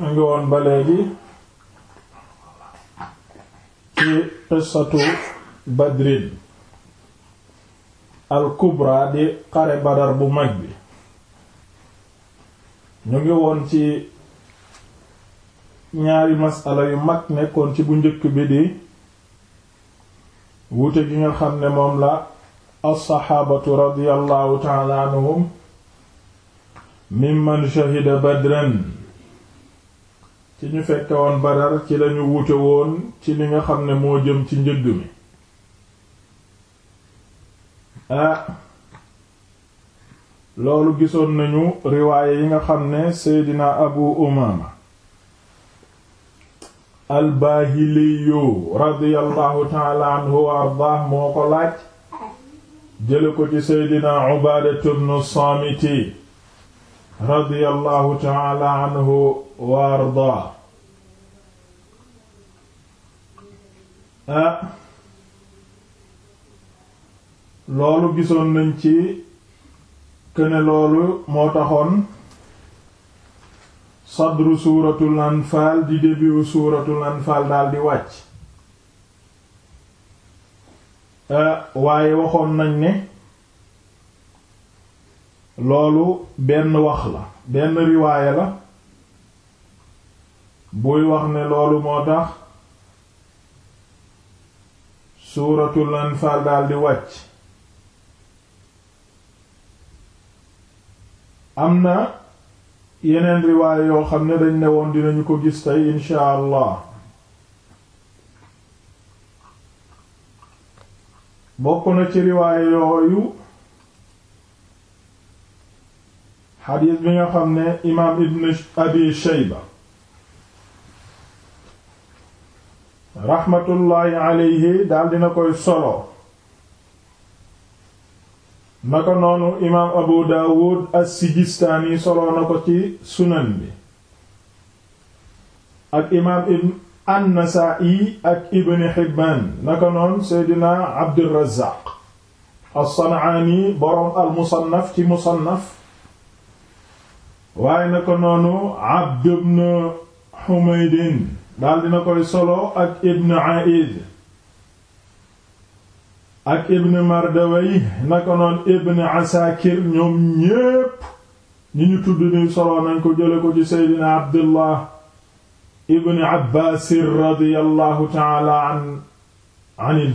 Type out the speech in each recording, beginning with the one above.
ñu ngi woon ba léegi ci qissatu badrin al di xare badar bu mag bi ñu ngi woon ci ñaari masala yu mag nekkoon ci bu njëkk bi di wuute gi nga xam ne moom la alsaxaabatu radiyallahu taala anhum mimman shahida badran ci ñu fekke woon Badar ci lañu wute woon ci li nga xam ne moo jëm ci njëgg mi ah loolu gisoon nañu riwaaye yi nga xam ne Seydina Abu Umaama al-Baahiliyu radiyallahu ta'ala anhu wa ardaah moo ko laaj jële ko ci Seydina Ubaadatu bnu Saamiti radiyallahu ta'ala anhu wa ardaah Ah. loolu gisoon nañ ci këne loolu moo taxoon sadru suuratul anfaal di débiwu suuratul anfaal daal di wàcc ah, waaye waxoon nañ ne loolu benn wax la benn riwaaya la buy wax ne loolu moo tax suuratul anfaal daldi wàcc am na yeneen riwaaya yoo xam ne dañ ne woon dinañu ko gis tey insha allah bokk na ci riwaaya yooyu xadiis bi nga xam ne imaam ibn abi shayba raxmatullaahi alayhi daal dina koy solo na ko noonu imaam abu daawud as-sijistaani solo na ko ci sunan bi ak imaam ibn an-nasaa'i ak ibn hibbaan na ko noonu seydina abdurrazaaq as-san'aani boroom al-musannaf ci musannaf waaye na ko noonu abd ibn humaydin daal dina koy solo ak ibn Aid ak ibn Mardawey naka noon ibn Asakir ñoom ñépp ñi ñu tudd ni solo nañ ko jële ko ci seydina Abdullah ibn Abbaas radiyallahu taala an an il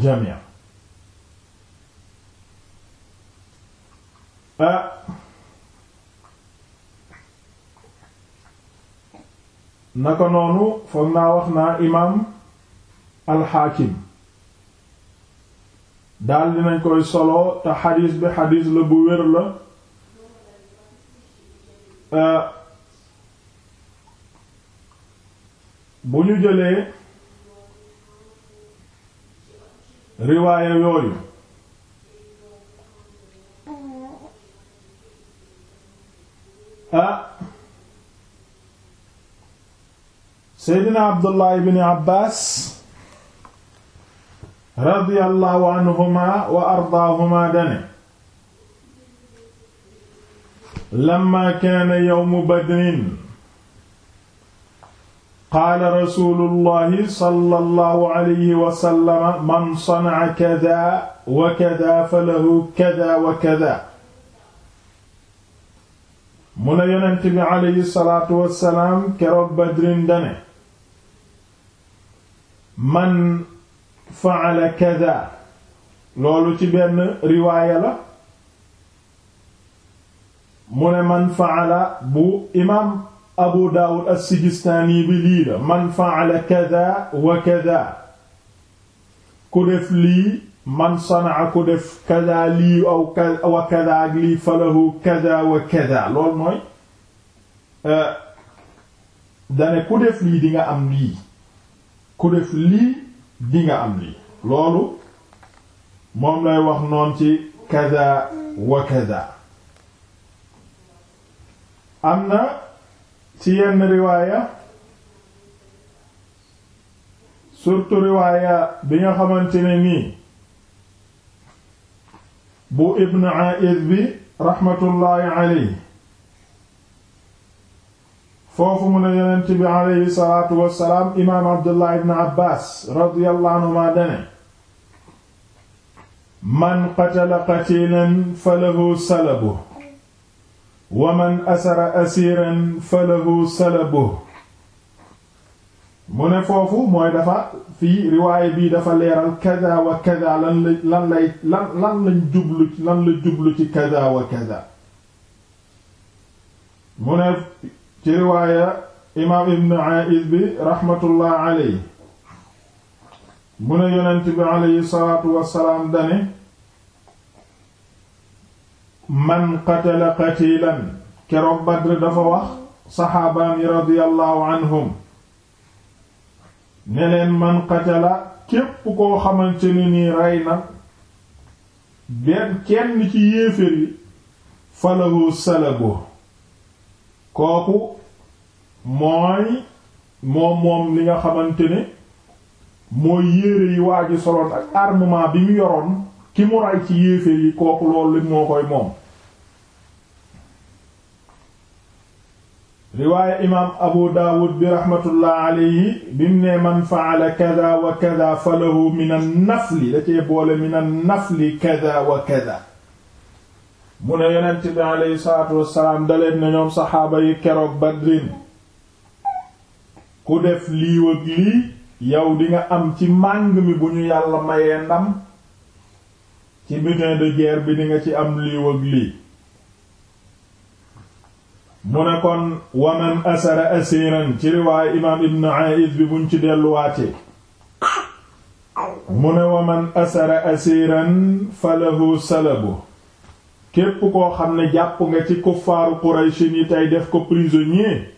naka noonu foog naa wax naa imaam alxaakim daal dinañ koy solo te xadiis bi xadiis la bu wér la euh, bu ñu jëlee riwaaya yooyu ah, seydina abdullah ibn abbas radiyallahu anhuma wa ardaahuma dane lamma kaana yawmu badrin qaala rasuulullahi sallallahu alayhi wa sallam man sana'a kadaa wa kadaa falahu kadaa wa kadaa mu ne yonent bi alayhi salaatu wa salaam keroog badrin dane man faala kada loolu ci benn riwaaya la mu ne man faala bu imaam abu daawud as-sijistaani bi lii la man faala kada wa kada ku def lii man sanaa ku def kada lii aw wa kada ak lii falahu kada wa kada loolu mooy euh, dane ku def lii di nga am lii ku def lii di am lii loolu moom lay wax noon ci kada wa am na ci yenn riwaaya surtout riwaaya bi nga xamante ne nii bu ibn Aiz bi raxmatullaahi alayhi foofu mu ne yonent bi aleyhi salaatu wassalaam imaam abdullah ibn abbaas radiyallahu anhuma dane man qatala qatiilan falahu salabu wa man asara asiiran falahu salabu mu ne foofu mooy dafa fii riwaay bii dafa leeral kada wa kada lan la lan lay lan lan lañ jublu lan la jublu ci kada wa kada mu ne ci riwaaya imaam ibn Aa'id bi raxmatullah alayhi mu ne yonent bi alayhi salaatu wassalaam dane man qatala qatiilan keroog Badr dafa wax saxaabaan yi radiyallahu anhum ne man qatala képp koo xamante ni nii rey na benn kenn ci yéeféer yi falahu salabu kooku mooy moom moom li nga xamante ni mooy yére yi waa ji soloon ak armement bi mu yoroon ki mu ray ci yéeféer yi kooku loolu li moo koy moom riwaaya imaam abu daawud bi raxmatullah alayhi bi mu ne man faala kada wa kada fa lahu min an nafli da cee boole min an nafli kada wa kada mu ne yonent bi alayhi salaatu wassalaam daleen na ñoom saxaaba yi keroog badrin ku def lii lii yow di nga am ci màng mi bu ñu yàlla mayee ndam ci butin de bi di nga ci am lii ak lii mu ne kon waman asara asiran ci riwaaye imaam ibn Aiz bi buñ ci delluwaatee mu ne waman asara asiran falahu salabu képp koo xam ne jàpp nga ci kuffaaru Quraysh ni tey def ko prisonnier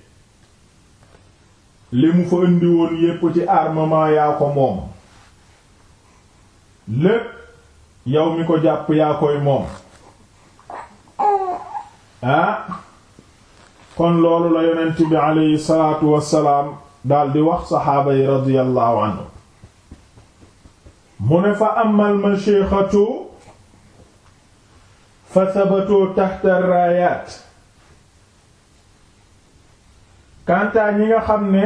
li mu fa indi woon yépp ci armement yaa ko moom lépp yow mi ko jàpp yaa koy moom ah kon loolu la yonent bi aleyhi salaatu wassalaam daldi wax saxaaba yi radiyallahu anhu mu ne fa amal mashixatu fa sabatoo taxta raayaat kantaa ñi nga xam ne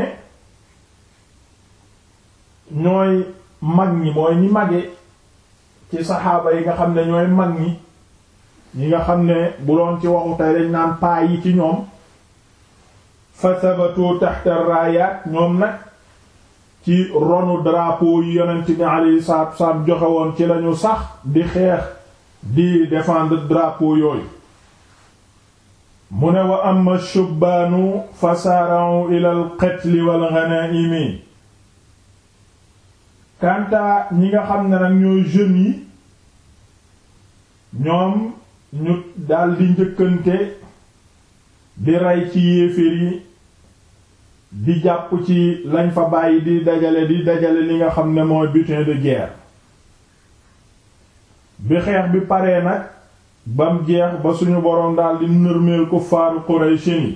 ñooy mag ñi mooy ñi mage ci saxaaba yi nga xam ne ñooy mag ñi ñi nga xam ne bu doon ci waxu tey naan paa yi ci ñoom fa sabatu tahta raayaat ñoom nag ci ronu drapeau yi yonent bi alayhi salaatu wassalaam joxe woon ci lañu sax di xeex di défendre drapeau yooyu mu ne wa amma shubbaanu fa saara'u ila al-qatli wal-ghanaa'imi ñi nga xam ne nag ñooy jeunes yi ñoom ñu daldi njëkkante di rey ci yéeféer yi di jàpp ci lañ fa bàyyi di dajale di dajale li nga xam ne mooy butin de guerre bi xeex bi pare nag bam jeex ba suñu boroom daldi nërmeel kuffaaru qurayshin yi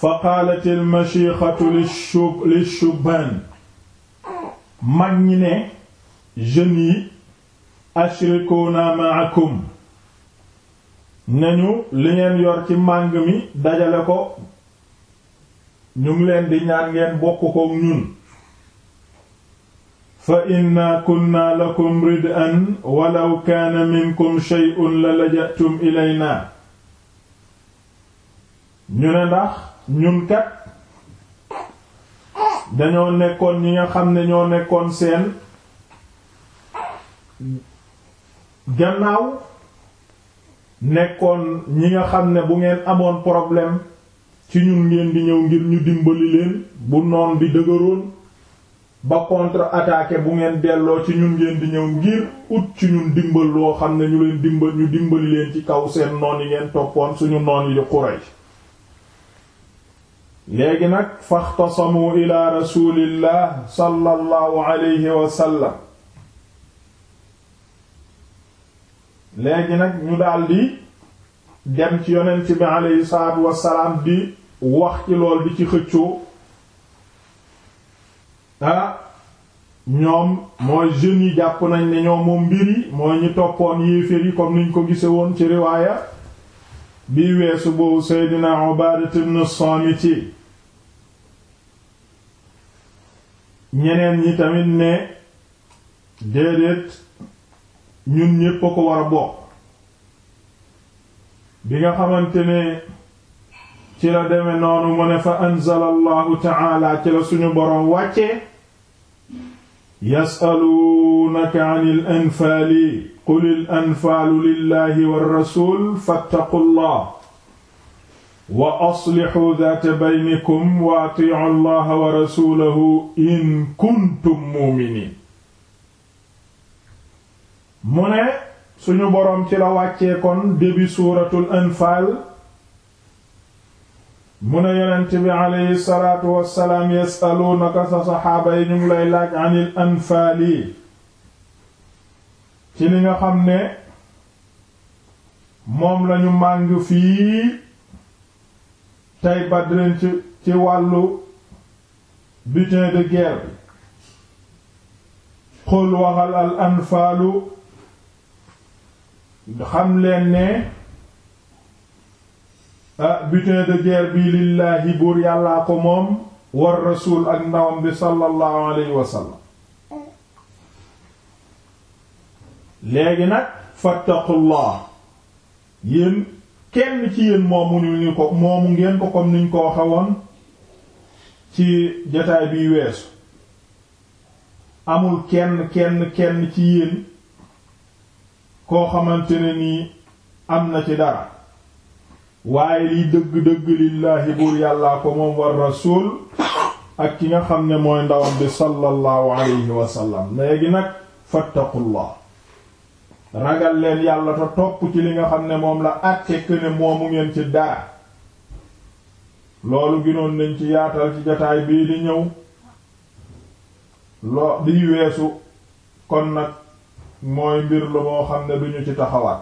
fa qaalat al mashixatu li shubban mag ñi ne jeunes yi ashrikuna ma'akum nañu li ngeen yor ci màng mi dajale ko ñu ngi leen di ñaan ngeen bokk ko ñun fa inna kunna lakum rid'an walaw kaana minkum shay'un la laja'tum ilayna ñu ne ndax ñun kat dañoo nekkoon ñi nga xam ne ñoo nekkoon seen gannaaw nekkoon ñi nga xam ne bu ngeen amoon problème ci ñun ngeen di ñëw ngir ñu dimbali leen bu noon bi dëgëroon ba contre-attaquer bu ngeen delloo ci ñun ngeen di ñëw ngir ut ci ñun dimbal loo xam ne ñu leen dimbal ñu dimbali leen ci kaw seen noon yi ngeen toppoon suñu noon yi di Quraysh léegi nag faxtasamu ila rasulillah sallallahu alayhi wa sallam léegi nag ñu daldi dem ci yonent bi alayhi salaatu wa di wax ci lool di ci xëccoo ah ñoom mooy jeunes yi jàpp nañ ne ñoom moom mbir yi mooy ñu toppoon yéeféer yi comme niñ ko gise woon ci riwaaya bi weesu boobu Seydina Ubaada ibn ci ñeneen ñi tamit ne déedéet ñun ñépp a ko war a bokk bi nga xamante ne ci la demee noonu mu ne fa anzala allahu taala ci la suñu boroom wàccee yasaluunaka an il anfaali qul il anfaalu lillahi warrasul fattaqu llah wa aslixuu daata baynikum wa atiicu allaha wa rasulahu in kuntum muuminiin mu ne suñu boroom ci la wàccee kon début suuratul anfaal mu ne yonent bi aleyhi salaatu wassalaam yasaluunaka sa saxaaba yi ñu lay laaj anil anfaal yi ci li nga xam ne moom lañu màng fii tey badrin ci ci wàllu butin de guerre bi waxal al anfaalu xam leen ne Ah, butin de guerre bi lillaahi buur yàllaa ko moom war rasuul ak ndawam bi sallallahu alayhi wa sallam léegi nag fattaqullah yéen kenn ci yéen moomu ni ko moomu ngeen ko comme niñ ko waxe woon ci jotaay biy weesu amul kenn kenn kenn ci yéen koo xamante nii am na ci dara waaye liy dëgg-dëgg lillaahi buur yàllaa ko moom war rasul ak ki nga xam ne mooy ndawam bi sallallahu alayhi wa léegi nag fattaqullah ragal leen yàlla te topp ci li nga xam ne moom la àtte que moomu ngeen ci dara loolu ginoon nañ ci yaatal ci jataay bii di ñëw loo di weesu kon nag mooy mbir la moo xam ne duñu ci taxawaat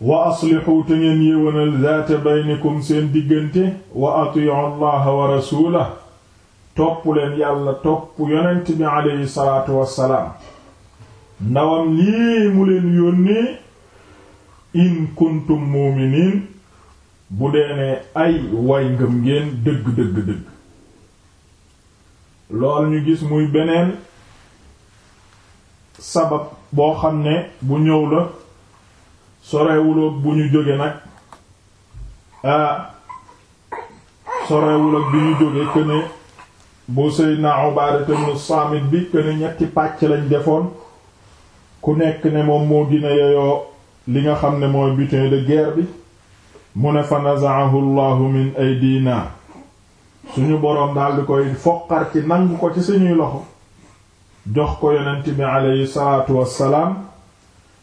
wa aslixuu te ngeen yéwénal zaata baynikum seen diggante wa atiyu allaha wa rasuulahu topp leen yàlla topp yonent bi aleyhi salaatu wassalaam ndawam lii mu leen yónnee in kuntum muuminiin bu dee ne ay way ngëm ngeen dëgg dëgg dëgg lool ñu gis muy beneen sabab boo xam ne bu ñëw la sorewul ak bu ñu jóge nag sorewul ak bu ñu jóge këne bu Seydina Ubaadatu bi këne ñetti pàcc lañ defoon ku nekk ne moom moo gina yeyoo li nga xam ne mooy butin de guerre bi mu ne fa nazaahu llahu min aydina suñu boroom daal koy foqar ci nangu ko ci suñuy loxo jox ko yonent bi aleyhi salaatu wassalaam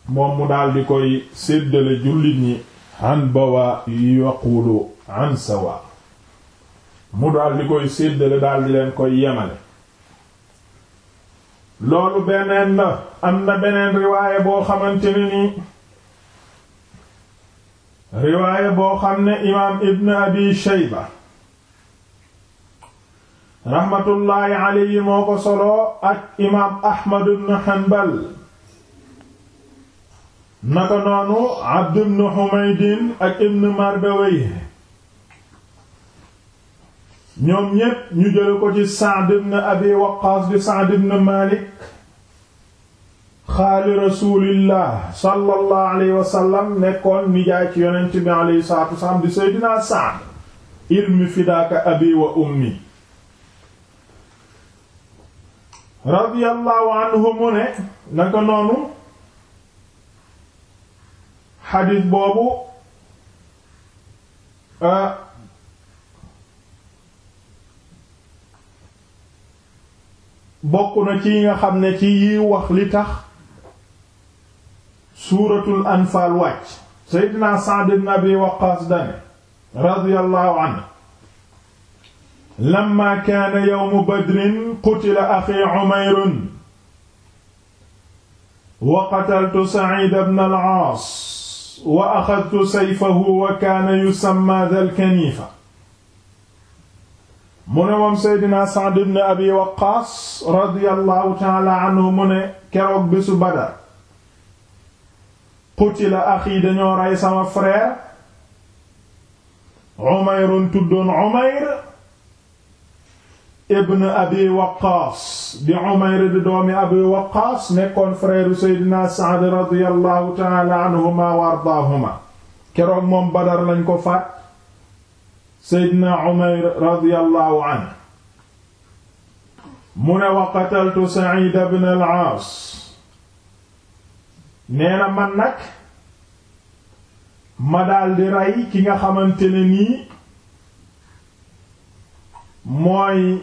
moom mu daal di koy séddale jullit ñi an bawa yaqulu an sawa mu daal koy séddale daal leen koy yemale loolu beneen la am na beneen riwaaye boo xamante ne ni riwaaye boo xam ne imaam ibn abi shayba rahmatullaahi alayhi moo ko solo ak imaam ahmad ibn hanbal naka noonu Abd ibn Humaydin ak ibn Mardawayh ñoom ñépp ñu jële ko ci Sa'd ibn Abi di Sa'd Malik xaali rasulillah sallallahu alayhi wa nekkoon nijaay ci yonent bi alayhi salaatu salaam di Seydina Sa'd ilmi fidaaka abi wa ummi radiyallahu anhu mu ne naka noonu xadis boobu euh, bokk na ci nga xam ne ci yiy wax li tax suuratul anfaal wàcc seydina Sa'd ibn Abi Waqqaas dane radiyallahu anhu lamma kaana yawmu badrin qutila axii Umayrun wa qataltu Sa'iid ibn al-Aas wa axadtu sayfahu wa kaana yusamma dal kaniifa mu ne moom seydina Sa'd ibn Abi Waqqaas radiyallahu taala anhu mu ne keroog bésu Badar qutila axi dañoo rey sama frère Umayrun tuddoon Umayr ibn abi waqaas di umayr di doomi abi nekkoon frère seydina saad radiallahu taala anhuma wa ardaahuma keroog moom badar lañ ko faat seydina umayr radiallahu anhu mu ne wa qataltu said ibn al-aas nee na man nag ma daldi rey ki nga xamante ne nii mooy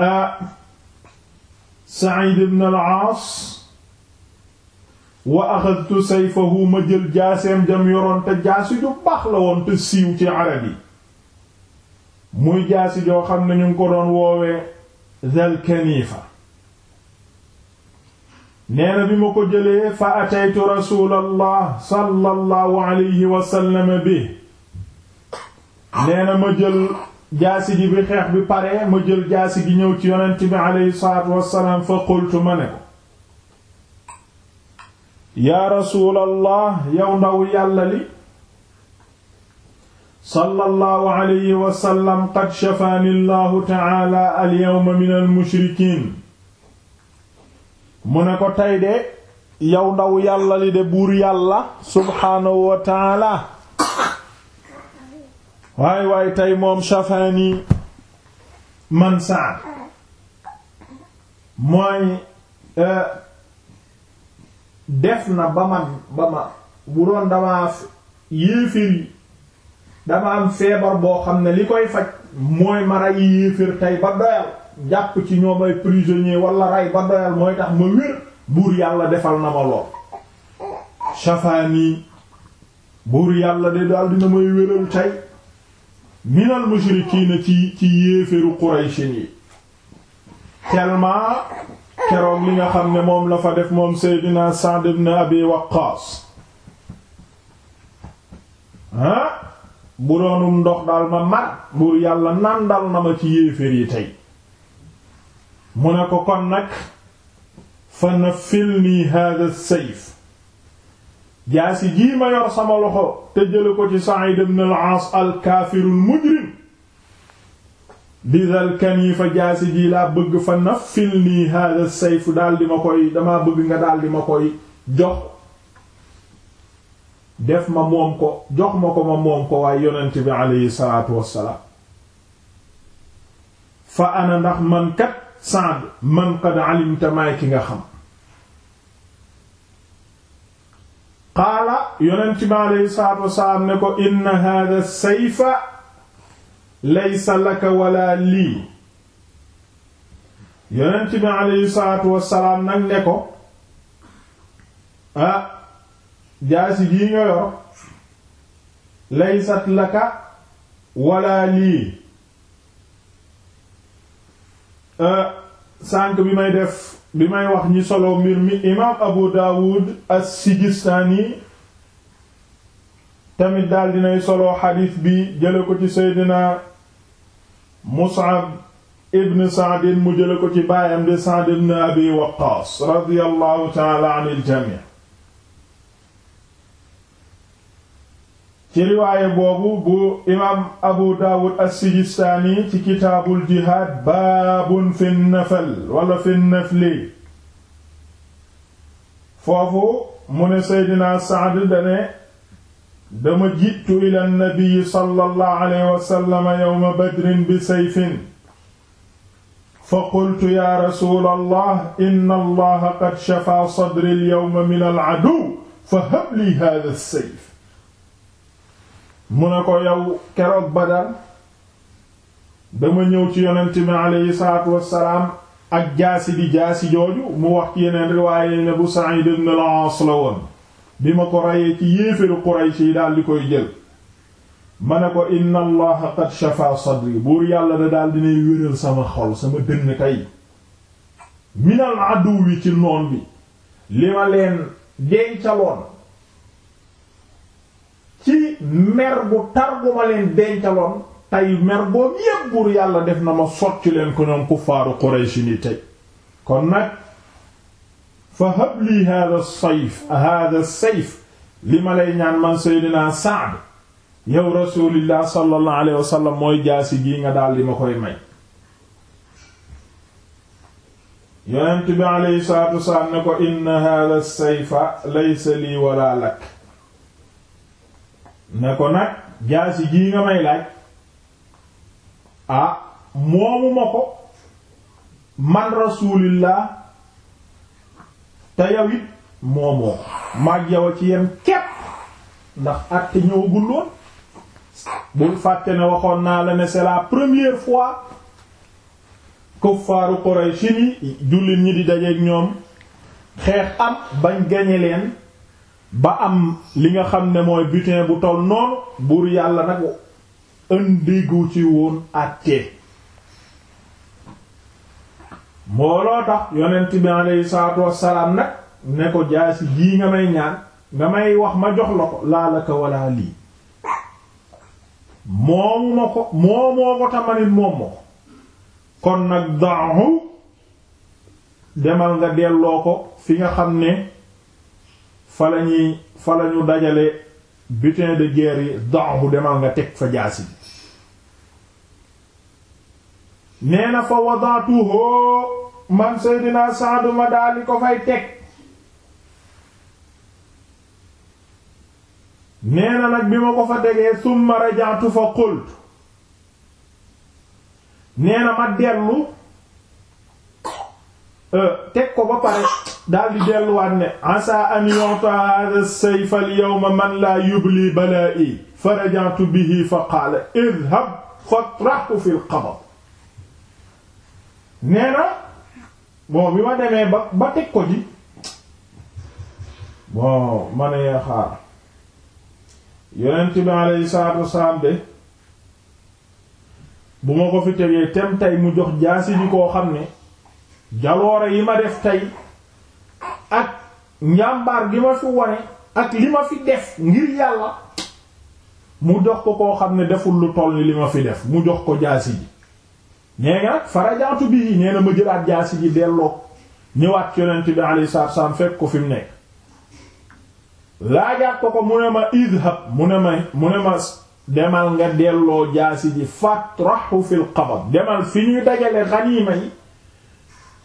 Ah, Sa'id ibn al-Aas wa axadtu sayfahu ma jël jaaseem jam yoroon te jaasi ju baax la woon te siiw ci arab yi muy jaasi joo xam ne ñu ngi ko doon woowee Zal Kanifa nee na bi ma ko jëlee fa ataytu rasulallah sallallahu alayhi wa sallam bi nee na ma jël jaasi ji bi xeex bi paree ma jël jaasi ji ñëw ci yonent bi aleyhi salaatu wassalaam fa qultu ma ne ko yaa rasuulallah yow ndaw yàlla li sallallahu alayhi wasallam qad shafaani allahu taala alyawma min almushrikiin mu ne ko tey de yow ndaw yàlla li de buur yàlla subhaanahu wa taala waay waaye tey moom shafaani man saad mooy euh, def na ba man ba ma bu doon damaa yéeféer dama am feebar boo xam ne li koy faj mooy ma rey yéeféer tey ba doyal jàpp ci ñoo ay prisonnier wala rey ba doyal mooy tax ma wér buur yàlla defal na ma lool shafaani buur yàlla de daal dina may wéral tey minal mushrikiina ci ci yéeféru Qurayshin yi tellement keroog li nga xam ne moom la fa def moom Seydina Sa'd ibn Abi Waqqaas ah bu doonum ndox daal ma mar buur yàlla nan dal na ma ci yéeféer yi tey mu ne ko kon nag fa nafil nii hada sayf jaasi jii ma yor sama loxo te jële ko ci Sa'id ibn al-Aas al-kaafirul mujrim bidal jaasi jii laa bëgg fa nafil nii hada sayf daal di ma koy damaa bëgg nga daal di ma koy jox def ma moom ko jox ma ko ma moom ko waaye yonent bi aleyhi salaatu wassalaam fa ana ndax man kat Sa'd man qad alimta maay ki nga xam yonent bi aleyhi salaatu wasalaam ne ko inna hadha sayfa laysa laka wala lii yonent bi aleyhi salaatu wasalaam nag ne ko ah jaasi jii nga yor laysat laka wala lii ah, sànq bi may def bi may wax ñi solo mbir mi imaam Abu Dawud as-Sijistani tamit daal dinay solo xadiis bi jële ko ci seydina mus'ab ibn saadin mu jële ko ci baayam de saad ibn abi waqaas radiyallahu taala an il ci riwaaye boobu bu imaam abu daawud as-sijistaani ci kitaabul jihaad baabun fi nafal wala fi nafli foofu mu ne seydina saad dane dama jiitu ila nabi sallallahu alayhi wa sallam yawma badrin bi sayfin fa qultu ya rasul allah inna allaha qad shafaa sadri alyawma min aladuw fa habli hadha as-sayf mu ne ko yow keroog Badar dama ñëw ci yonent mi aleyhi salaatu wassalaam ak jaasi di jaasi jooju mu wax ci yeneen riwaaye ne bu Sa'id ibn al-As la woon bi ma ko reyee ci yéeféru Quraysh yi daal di koy jël ma ne ko inna allaha qad shafa sadri buur yàlla da daal dinay wéral sama xol sama dënn tey minal aduw wi ci noon bi li ma leen dencaloon ci mer bu tar bu ma leen dencaloon tey mer boobu yépp buur yàlla def na ma socc leen ko ñoom kuffaaru Quraysh ni tey kon nag fa habli hada sayf hada sayf li ma lay ñaan man seydinaa Saad yow rasulillah sallallahu alayhi wasallam mooy jaasi gii nga daal di ma koy may yonent bi alayhi salaatu wasalaam ne ko inna hada sayfa laysa lii wala lak ne ko nag jaasi gii nga may laaj ah moomu ma ko man rasulillah te yow it moomoo maag yow a ci yem képp ndax àtte ñëwagul woon bul fàtte ne waxoon naa la ne c'est la première fois kuffaaru Quraysh yi jullit ñi di dajeeg ñoom xeex am bañ gañe leen ba am li nga xam ne mooy butin bu toll noonu buur yàlla nag indigu ci woon àtte mbooloo tax yonent bi alayhi salaatu wassalaam nag ne ko jaasi jii nga may ñaan nga may wax ma jox la ko laalaka wala lii moomu ko moomoo ko tamanit moom ma ko kon nag daahu demal nga delloo ko fi nga xam ne fa lañuy fa lañu dajale butin de guerre yi daahu demal nga teg fa jaasi bi nee na fa wadaatuhu man Seydina Saadu ma daal di ko fay teg nee na nag bi ma ko fa tegee summa rajaatu fa qultu nee na ma dellu euh, teg ko ba pare daal di delluwaat ne asa an yu'ta hadha as-sayf al-yawma man la yubli balaa'i fa rajaatu bihi fa qaala idhab fatrahhu fil qabd nee na bon bi ma demee ba ba teg ko ji bon ma ne xaar yonent bi alayhi salaatu wasalaam de bu ma ko fi tegee tem tey mu jox jaasi ji koo xam ne jaloore yi ma def tey ak njàmbaar gi ma fi wone ak li ma fi def ngir yàlla mu jox ko koo xam ne deful lu toll ni li ma fi def mu jox ko jaasi ji nee nga nag farajaatu bii nee na ma jëlaat jaasi ji delloo ñëwaat yonent bi alayhi salaatu fekk ko fi mu nekk laajaat ko ko mu ne ma idhab mu ne ma mu ne ma demal nga delloo jaasi ji fatrahu fil qabab demal fi ñuy dajale xaniima yi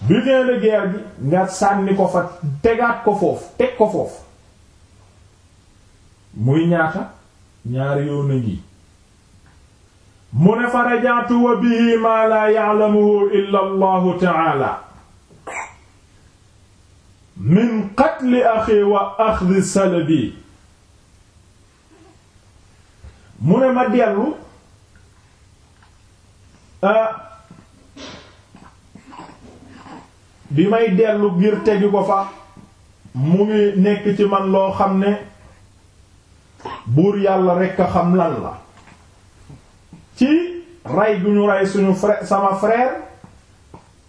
butin de guerre bi nga sànni ko fa tegaat ko foofu teg ko foofu muy ñaata ñaari yoon a ngi mu ne fa rajaatu wa bihi maa laa ya'lamuhu illa allahu ta'ala min qatli axi wa axdi salabi mu ne ma dellu ah, bi may dellu ngir tegi ko fa mu ngi nekk ci man loo xam ne buur yàlla rekk a xam lan la ci rey gu ñu rey suñu frère sama frère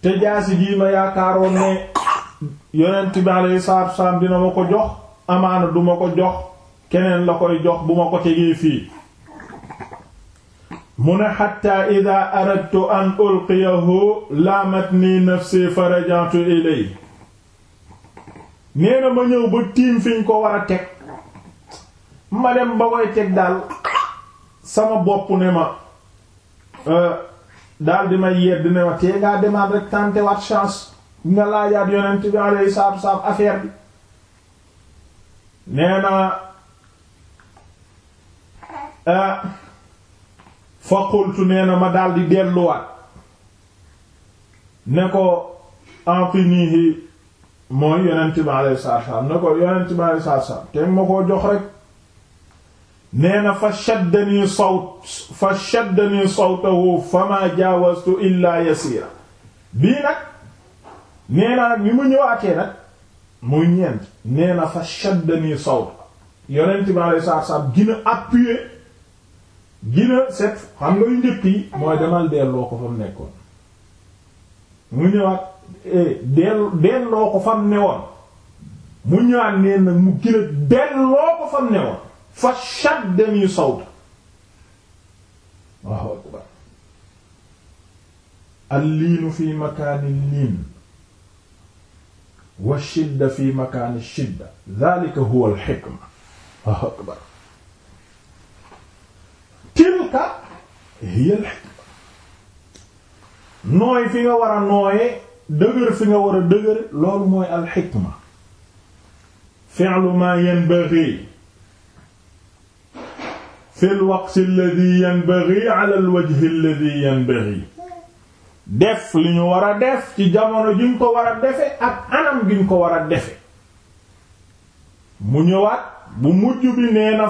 te jaasi jii ma yaakaaroon ne yonent bi alayhi salaatu wasalaam dina ma ko jox amaana du ma ko jox keneen la koy jox bu ma ko tegee fii mu ne xatta ida aradtu an ulqiyahu laamatni nafsi farajantu ilay nee na ma ñëw ba tiim fiñ ko war a teg ma dem ba koy teg daal sama bopp ne ma Euh, daal di may yedd ne wax tee ngaa demaat rek tenter waat chance nga laajaat yonent bi alayhi salaatu wasalaam affaire bi nee euh, fa qultu nee ma daal di delluwaat ne ko antinihi mooy yonent bi alayhi salaatu ne ko yonent bi alayhi salaatu te ma koo jox rek nee na fa shaddanii sawt fa shaddanii sawtahu fama jaawastu illa yasira bii nag nee na nag ni mu ñëwaatee nag muy ñeent nee fa shaddanii sawt yonent bi alayhi salaatu salaam gina appuyé gina set xam nga njëkk yi mooy demal delloo ko fa mu nekkoon mu ñëwaat eh, dell delloo ko fa mu newoon mu ñëwaat nee na mu gina delloo ko fa mu newoon fa shaddani sawta Allahu akbar alliinu fi makaani liin wa shidda fi makaani shidda dhalika huwa alxikma Allahu akbar tilka hiya alxikma nooy fi nga war a nooyee dëgër fi nga war a dëgër loolu mooy alxikma fi'lu ma yanbaghi de lu alladhi ñu war a def ci jamono ji ko war a defe ak anam ko war a defe mu ñëwaat bu mujj bi nee na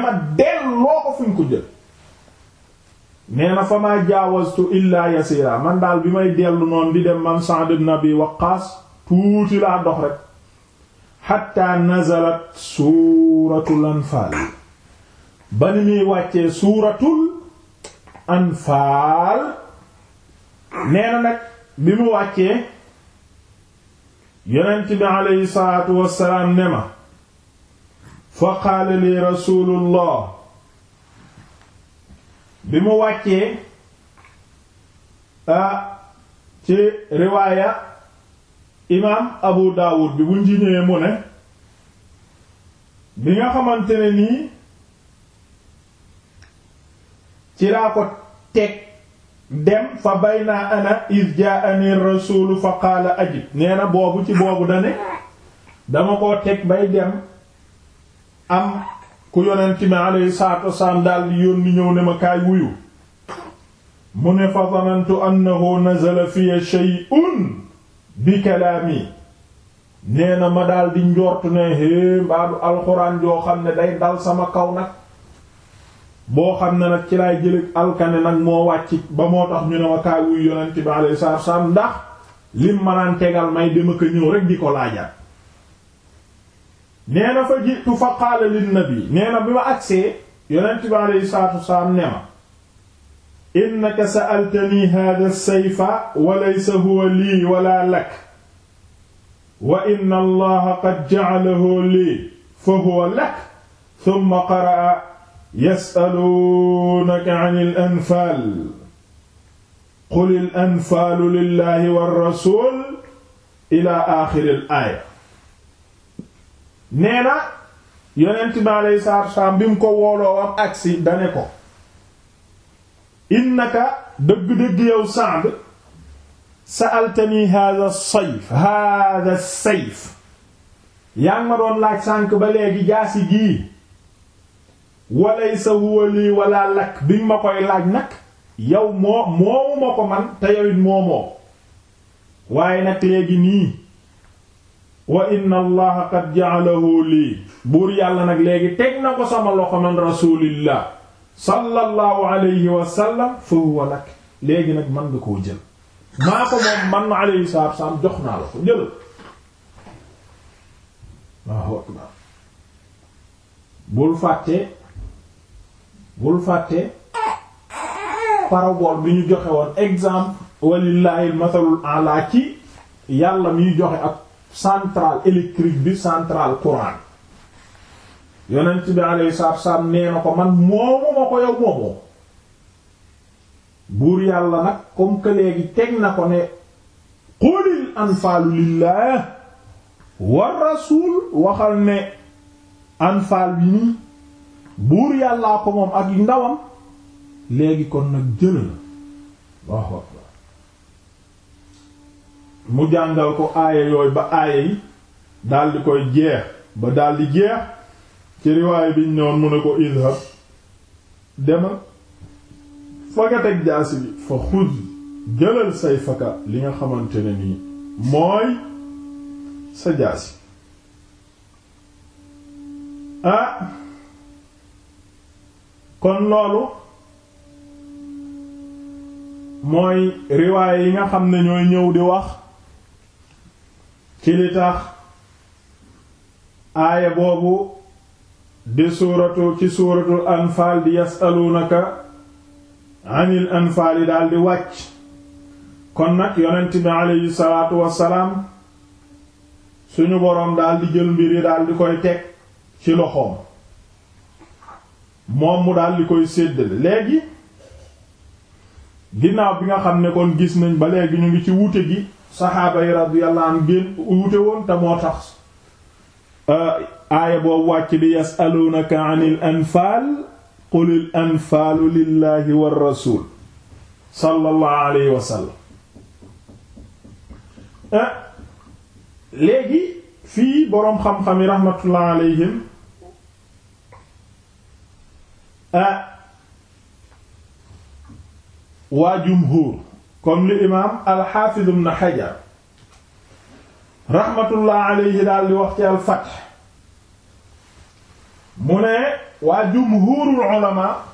ma delloo ko fu man daal bi may dellu noonu di dem man Sa'd ibn Abi tuuti laa dox rek xatta nazalat suuratul anfaal ba ni muy wàccee suuratul anfaal nee na nag bi mu wàccee yonent bi aleyhi salaatu wassalaam ne ma fa qaala li bi mu wàccee ah, ci riwaaya imaam abu daawud bi buñ ci ñëwee mu ne bi nga xamante ne nii ci laa ko teg dem fa bayna ana iz jaa'ani rasuulu fa qaala ajib nee na boobu ci boobu dane dama koo teg bay dem am ku yonent mi alayhi salaatu yónni ñëw ne ma kaay wuyu mu ne fa zanantu annahu nazala fiya bi kalaami nee na ma daal di njort ne hé mbaadu alxuraan joo xam ne day dal sama kaw nag boo xam ne nag ci laay jële alkane nag moo wàcc ba moo tax ñu ne ma kaay wuy yonent bi alayhi salaatu wassalaam ndax lim ma naan tegal may dama ko ñëw rek di ko laajaat nee na fa jiitu fa qaala lin nabi nee na bi ma agsee yonent bi alayhi salaatu ne ma innaka sa'altani haadha as-sayfa wa laysa huwa lii wala lak wa inna allaha qad ja'alahu lii fa huwa lak thumma qara'a yas'alunaka 'ani al-anfaal qul al-anfaalu lillahi war-rasuul ila aaxiri al-aaya nee na yonent bi alayhi salaatu wa salaam bi mu ko wooloo am agsi dane ko innaka dëgg-dëgg yow Sa'd sa'altani hadha sayf hadha sayf yaa ngi doon laaj sànk ba léegi jaasi gii walaysa huwa lii wala lak bi ma koy laaj nag yow moomu ma ko man te yowit moomoo waaye nag léegi nii wa inna allaha qad ja'alahu lii buur yàlla nag léegi teg na ko sama loxo man rasulillah sallallahu alayhi wa sallam fa huwa lak léegi nag mën nga koo jël maa ko moom man na alayhi salaatu wa jox naa la ko jël waaw akbar bul fàtte bul fàtte parabole bi ñu joxewoon woon exemple walillahi almathalul a'la ci yàlla miy joxe ak centrale électrique bi centrale courant yonent bi alayhi salaatu salaam nee na ko man moomu ma ko yow moomoo buur yàlla nag comme que léegi teg na ko ne qulil anfaalu lillah war rasuul waxal ne anfaal bi nii buur yàllaa ko moom ak ndawam léegi kon nag jël mu jàngal ko aaya yooyu ba aaya yi daldi koy jeex ba daldi jeex ci riwaay biñ ñëwoon mu ne ko idhab demal fa nga jaasi bi fa xud jëlal sayfaka li nga xamante ne nii mooy sa jaasi ah kon loolu mooy riwaay yi nga xam ne ñooy ñëw di wax ci li tax aaya boobu di suuratu ci suuratul anfaal di yasaluunaka anil anfaal yi daal di wàcc kon nag yonent bi aleyhi wassalaam suñu boroom daal di jël mbir yi daal koy teg ci loxoom moom mu daal koy séddale léegi ginnaaw bi nga xam ne kon gis nañ ba léegi ñu ngi ci wuute gi saxaaba yi radiyallahu anhum génn wuute woon te moo tax Euh, aaya boobu wàcc li yasaluunaka anil anfaal qulil anfaalu lillahi war rasul sallallahu alayhi wa sallam euh, léegi fii boroom xam-xam yi rahmatullah alayhim euh, waa jumhuur comme li imaam al-Hafiz ibn Hajar rahmatullah alayhi daal wax ci al-Fath mu ne waa jumhuurul ulama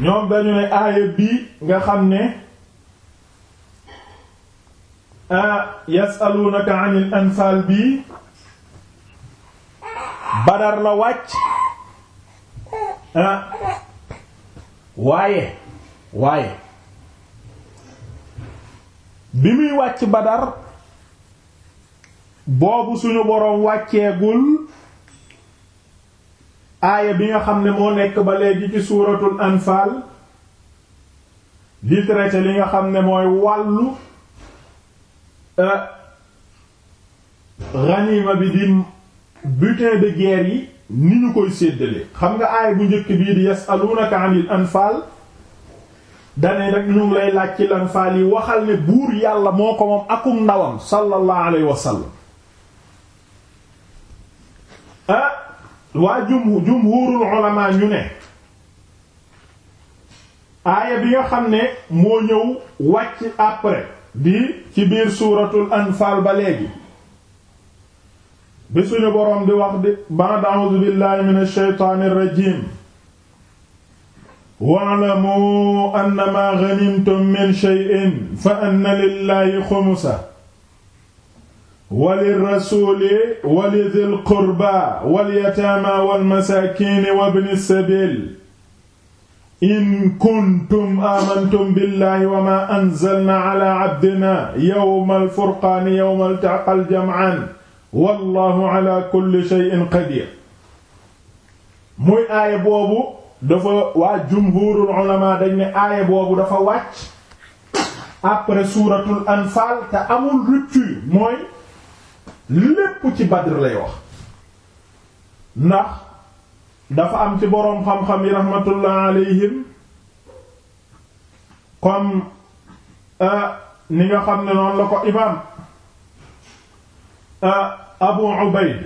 ñoom dañu ne aaya bi nga xam ne yasaluunaka anil anfaal bi badar la wàcc waaye waaye bi muy wàcc badar boobu suñu boroom wàcceegul aaya bi nga xam ne moo nekk ba léegi ci suuratul anfaal di yi nga xam ne mooy wàllu euh, ganima bi di butin de guerre yi ni ñu koy séddale xam nga aaya bu njëkk bii di yasalunaka anil anfaal dane rek ñu lay laaj lanfaal yi waxal ne buur yàlla moo ko moom akum ndawam sallallahu alayhi wa ah waa jum jumhurul ulama ñu ne aaya bi nga xam ne moo ñëw wàcc après di ci biir suuratul anfaal ba léegi bi suñu boroom di wax di ba'da a'uuzu billahi minash shaytaanir rajiim wa'lamu annamaa ghanimtum min shay'in fa anna lillahi xumusahu walirrasuli wali dhil qurba walyataama walmasaakiini wabni sabiil in kuntum aamantum billahi wa maa anzalnaa alaa abdinaa yawmal furqaani yawmal taqal jam'aan wallaahu alaa kulli shay'in qadiir muy aaya boobu dafa waa jumhuurul ulamaa dañ ne aaya boobu dafa wàcc après suuratul anfaal te amul rupture mooy. lépp ci Badr lay wax ndax dafa am ci boroom xam-xam yi rahmatullah alayhim comme euh, ni nga xam ne noonu la ko imaam euh, Abu Ubayd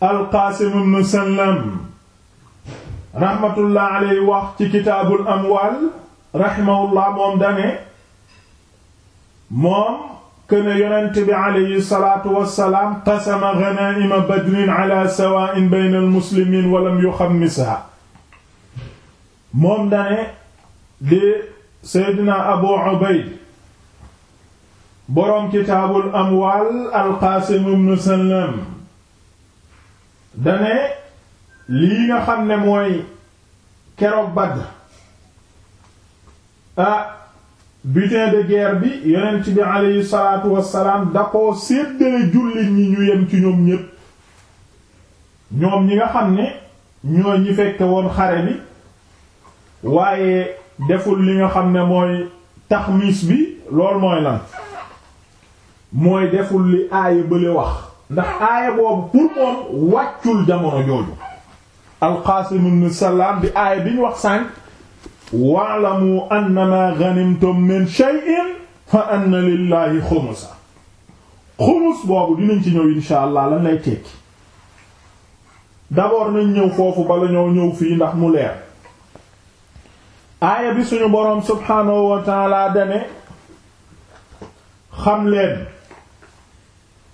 al-Qaasim Sallam rahmatullah alayhi wax ci kitaabul amwaal rahimahullah moom dane moom këne yonent bi aleyhi salaatu wassalaam qasama ghanaa'ima badrin ala sawaa'in bayna almuslimiin walam yuxammisha moom dane di seydina abu ubayd boroom kitaabul amwaal alqaasim ibn sallam dane lii nga xam ne mooy keroog Badr ah butin de guerre bi yonent bi aleyhi salaatu wassalaam da koo séddale jullit ñi ñu yem ci ñoom ñépp ñoom ñi nga xam ne ñoo ñi fekke woon xare bi waaye deful li nga xam ne mooy taxmiis bi loolu mooy lan mooy deful li aaya bële wax ndax aaya boobu pour moom wàccul jamono jooju alqaasim salaam bi aaya bi wax sànq wa'lamu annama ghanimtum min shay'in fa anna lillahi xumusa xumus boobu dinañ ci ñëw insha lan lay tekki d'abord nañ ñëw foofu bala ñëw fii ndax mu leer aaya bi suñu boroom subhaanahu wa taala dane xam leen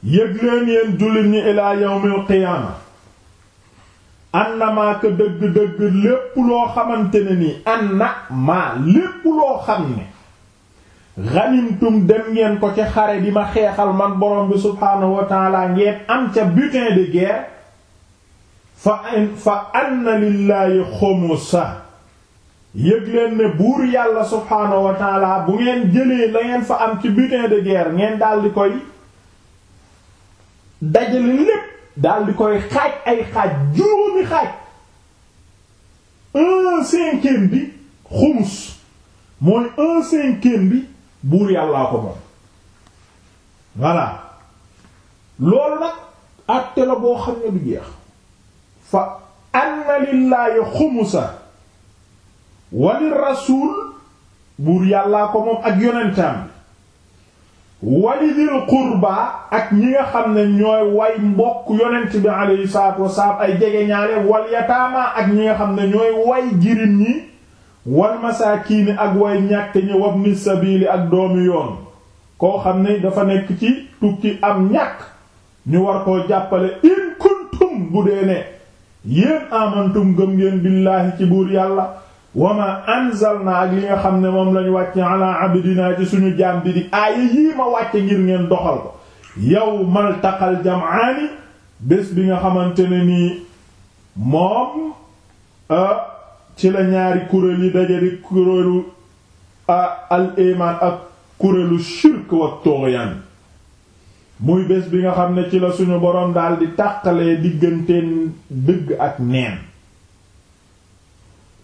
jullit ñi ilaa yawmil qiyaama annama ka dëgg-dëgg lépp loo xamante ne nii anna ma lépp loo xam ne ghanimtum dem ngeen ko ci xare di ma xeexal man borom bi subhaanahu wa taala ngeen am ca butin de guerre fa fa anna lillaahi xumusa yëg leen ne buur yàlla subhaanahu wa bu ngeen jëlee la ngeen fa am ci butin de guerre ngeen daldi koy dajale lépp daal di koy xaaj ay xaaj juróomi xaaj un bi xumus mooy un bi buur yàllaa ko moom voilà loolu nag àtte la boo xam ne du jeex fa anna lillaahi xumusa walirasuul buur yàllaa ko moom ak yonentam walidil qurba ak ñi nga xam ne ñooy way mbokk yonent bi alayhi salaatu wasalaam ay jege ñaale wal yataama ak ñi nga xam ne ñooy way jirim ñi wal masaakiini ak way ñàkk ñi wabni sabiili ak doomu yoon koo xam ni dafa nekk ci tukki am ñàkk ñu war koo jàppale in kuntum bu dee ne yéen amantum gëm ngeen billaahi ci buur yàlla wa ma anzalna ak li nga xam ne moom lañu wàcce ala abdina ci suñu jaam bi di aaya yii ma wàcce ngir ngeen doxal ko yawmal taqal jam'aani bés bi nga xamante ne nii moom ci la ñaari kuréel yi daje di kuréelu al iman ak kuréelu shirk wa tooyaan muy bés bi nga xam ne ci la suñu boroom daal di tàqalee digganteen dëgg ak neen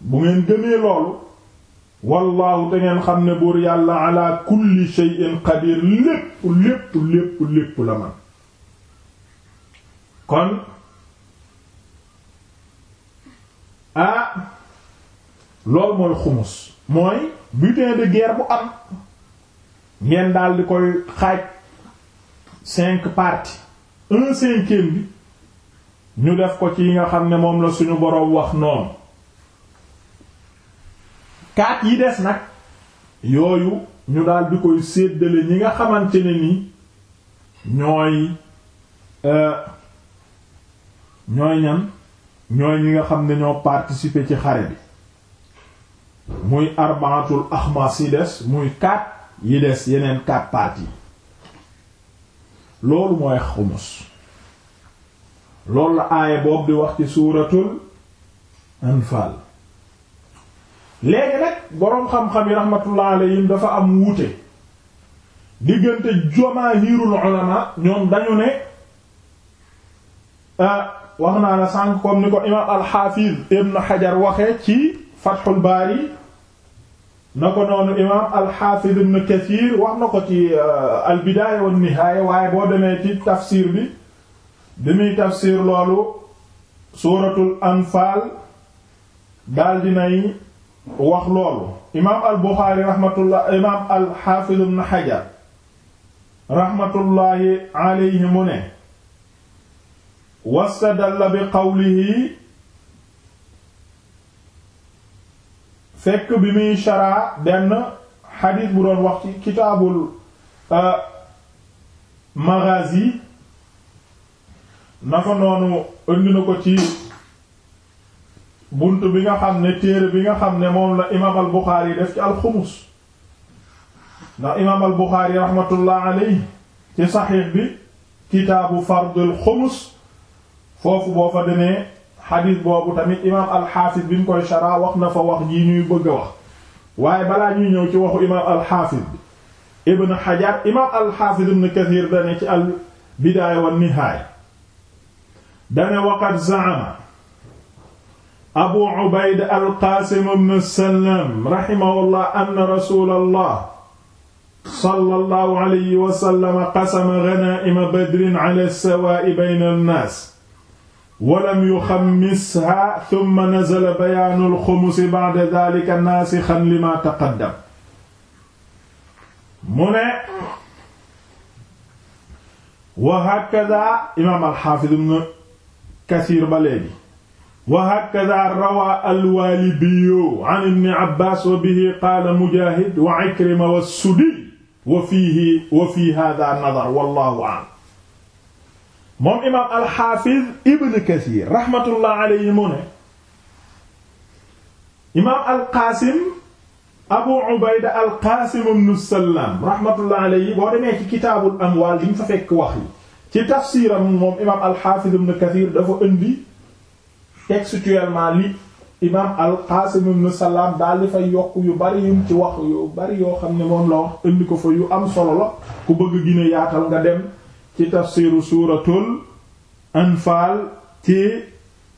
bu ngeen gëmee loolu wallaahu da ngeen xam ne buur yàlla ala kulli shay'in qadir lépp lépp lépp lépp la man kon ah loolu mooy xumus mooy butin de guerre bu am ngeen daal di koy xaaj cinq parties un cinquième bi ñu def ko ci yi nga xam ne moom la suñu boroom wax noonu kaat yi des nag yooyu ñu daal di koy séddale ñi nga xamante ne ni ñooy euh, ñooy ñan ñi nga xam ne ñoo participer ci xare bi muy arbaatul axmas yi des muy kaat yi des yeneen kaat yi loolu mooy xumus loolu la aaya boobu di wax ci suuratul anfaal léegi nag boroom xam-xam yi rahmatullah alayhim dafa am wuute diggante jamaahirul ulama ñoom dañu ne ah, wax naa la sànq comme ni ko imaam al-Hafiz ibn Hajar ci Fathul baari na ko noonu imaam al-Hafiz ibn wax na ko ci ah, al-Bidaya wa an-Nihaya waaye boo demee ci tafsir bi bi muy tafsir loolu suuratul Anfal daal dinay wax loolu imaam al buxaari raxmatullah imaam al xaafiz ibn xajar raxmatullaahi alayhi mu ne wastadalla bi qawlihi fekk bi muy sharaa benn xadiis bu doon wax ci kitaabul euh, maghazi na ko noonu indi na ko ci bunt bi nga xam ne téere bi nga xam ne moom la imaam al Buxaari def ci alxumus ndax imaam al Buxaari raxmatullah alayhi ci saxiix bi kitaabu fardul xumus foofu boo fa demee xadiis boobu tamit imaam alxaafis bi ñu koy shara wax na fa wax ji ñuy bëgg a wax waaye balaa ñuy ñëw ci waxu imaam alxaafis bi ibn xajar imaam alxaafis ibn kasiir dane ci al bidaaya wa nihaaya dane waqad zaama abu ubayda alqaasim ibn salam raximahullah anna rasuulallah sallallahu alayhi wa sallam qasama ghanaa'ima badrin ala sawaa'i bayna an-naas wa lam yuxammishaa thumma nazala bayaanul xumusi ba'da dhaalika naasixan limaa taqaddam mu ne wa hakadhaa imaam al-Haafiz ibn Kasiir ba léegi wa hakadha rawa alwaalibiyu an ibni abbas wa bihi qaala mujahid wa ikrima wa sudi wa fiihi wa fi hadha nadar wallahu a'lam moom imaam alxaafiz ibn kathir rahmatullah alayhi mu ne imaam alqaasim abu ubayda alqaasim ibn salaam rahmatullah alayhi boo demee ci kitaabul amwaal li mu fa fekk wax yi ci tafsiiram moom imaam alxaafiz ibn kathir dafa indi textuellement li imam al-Qasim ibn daal di fay yokk yu bari yum ci wax yu bari yoo xam ne moom la wax indi ko fa yu am solo la ku bëgg gine yaatal nga dem ci tafsiru suuratul anfaal ci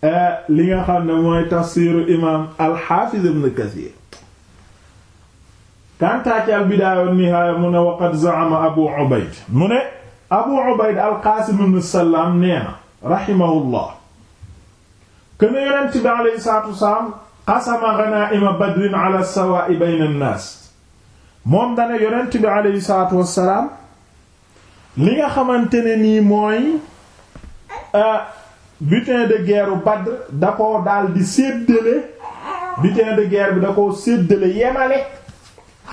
eh, li nga xam ne mooy tafsiru imam al-Hafiz ibn Kathir kantaa ci al-Bidaaya wa Nihaaya mu ne wa qad za'ama Abu Ubayd mu ne Abu Ubayd al-Qasim ibn nee na rahimahullah kene yonent bi alayhi salaatu wasalaam qasama ghanaa'ima badrin ala sawaa'i bayna an-naas moom dane yonent bi alayhi salaatu wasalaam li nga xamante ne nii mooy euh, butin de guerre Badr da ko daal di séddale butin de guerre bi da ko séddale yemale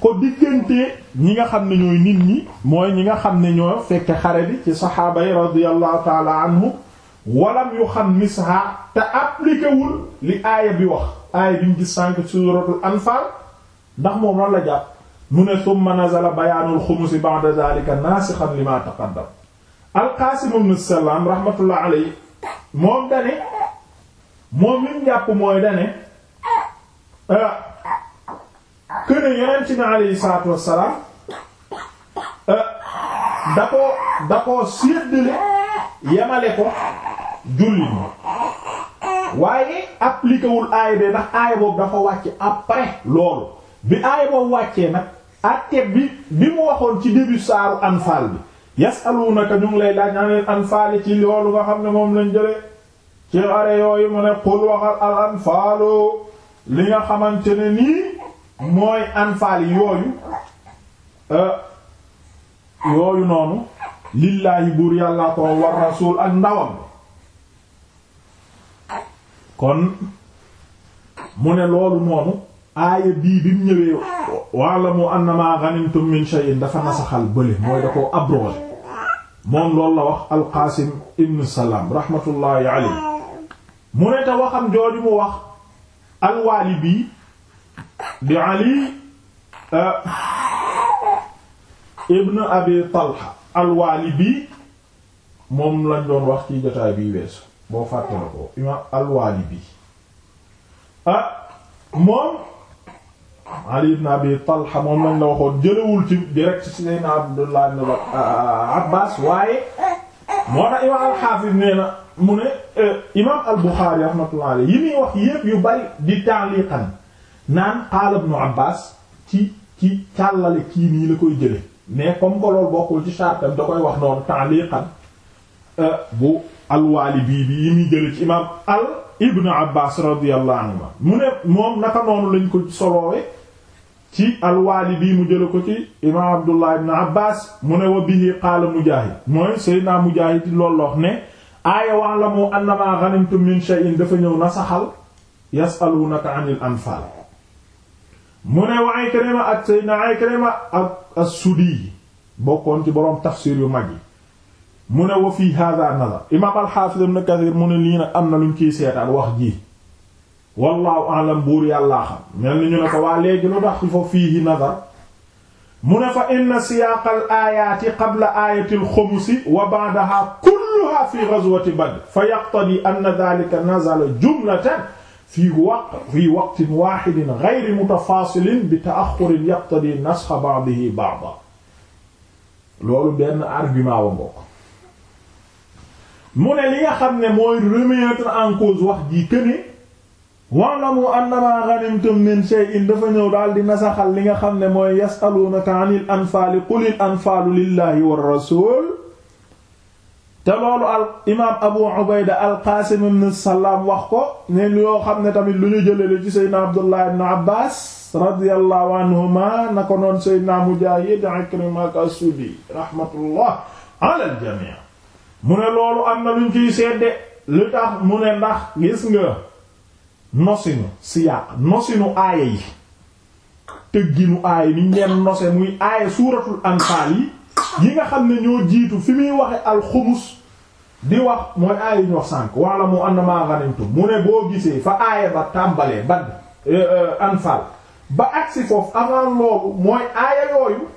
ko diggante ñi nga xam ne ñooy nit ñi mooy ñi nga xam ne ñoo fekk xare bi ci saxaaba yi radiyallahu taala anhu walam yu xam misha te appliqué li aaya bi wax aaya bi ñu gis sànq suuratul anfaal ndax moom lan la jàpp mu ne summa nazala bayaanul xumusi ba'da zaalika naasixan limaa taqaddam alqaasim ibn salaam rahmatullah alayhi moom dane moom liñ jàpp mooy dane këne euh, yonent bi alayhi salaatu wassalaam euh, da ko da ko séddale yemale ko jullit ñi waaye appliqué aaya bee ndax aaya boobu dafa wàcc après loolu bi aaya boobu wàccee nag àtte bi bi mu waxoon ci début saaru anfaal bi yasalunaka ñu ngi lay laaj naa anfaali ci loolu nga xam ne moom lañ jële ci xare yooyu mu ne xul waxal al anfaalu li nga xamante ne nii mooy anfaal yooyu euh, yooyu noonu lillaahi buur yàllaa ko war rasuul ak ndawam kon mu ne loolu noonu aaya bii bi mu ñëwee wa'lamu annamaa ghanimtum min shay'in dafa nasaxal bële mooy da koo abrogé moom loolu la wax alqaasim ibn salaam rahmatullahi alayhi mu ne te waxam jooju mu wax alwaali bii di ali euh, ibn abi talha alwaalibi moom lañ doon wax ci jotaay biy weesu boo fàtte la ko imaam alwaalibi ah moom Ali ibn Abi Talha moom lañ la waxoon jëlewul ci direct ci Seydina Abdullah ibn ah, ah, ah, Abbas waaye moo tax imaam al-Hafiz nee mu ne eh, imaam al-Bukhari rahmatullahi yi muy wax yépp yu bari di ta'liqan naan qaala ibn ci ci càllale kii nii la koy jële mais comme que loolu bokkul ci chartam da koy wax noonu ta'liqan euh, bu alwaali bi yi muy jële ci imaam al ibnu abbas radiyallahu anhuma mu ne moom naka noonu lañ ko soloowe ci alwaali mu jële ko ci imaam abdullah ibnu abbas mu ne wa bihi qaala mujaahid mooy seydina mujaahid loolu la wax ne aaya wa'lamu annama ghanimtum min shay'in dafa ñëw na saxal yas'alunaka 'anil anfaal mu ne wa Ikrima ak Seydina Ikrima ak as-Suddi bokkoon ci boroom tafsir yu mag yi mu ne wa fii hada nazar imaam al-Hafiz Ibn Kathir mu ne lii nag am na luñ ciy seetaan wax ji wallahu a'lam buur yàllaa xam mel ni ñu ne ko waa léegi lu tax fa fiihi nazar mu ne fa inna siyaaq al-aayaati qabla aayati al-xumusi wa ba'dahaa kulluhaa fii ghazwati Badr fa yaqtadii anna dhaalika nazala jumlatan fii waqt fii waqtin waaxidin gayri mutafaasilin bi taaxurin yaqtadi nasxa ba'dihi ba'da loolu benn argument wa mbokk mu ne li nga xam ne mooy remettre en cause wax ji këne wa'lamu annama ghanimtum min shay'in dafa ñëw daal di nasaxal li nga xam ne mooy yas'alunaka 'anil anfaali qulil anfaalu lillahi war rasul te loolu al imaam Abu Ubayda al-Qaasim ibn Salaam wax ko ne yoo xam ne tamit lu ñu jëlale ci Seydina Abdullah ibn Abbaas radiyallahu anhuma na ko noon Seydina Mujaahid ak As-Suddi rahmatullah ala jamii mu ne loolu am na luñ ciy sedde li tax mu ne ndax gis nga nosinu siyaaq nosinu aaya yi tëgginu aaya niñ leen nose muy aaya suuratul Anfaal yi yi nga xam ne ñoo jiitu fi muy waxe alxumus di wax mooy aaya yi ñu wax sànk wala mu anna ma ghanimtum mu ne boo gisee fa aaya ba tàmbalee ba euh, euh, anfal ba agsi foofu avant loolu mooy aaya yooyu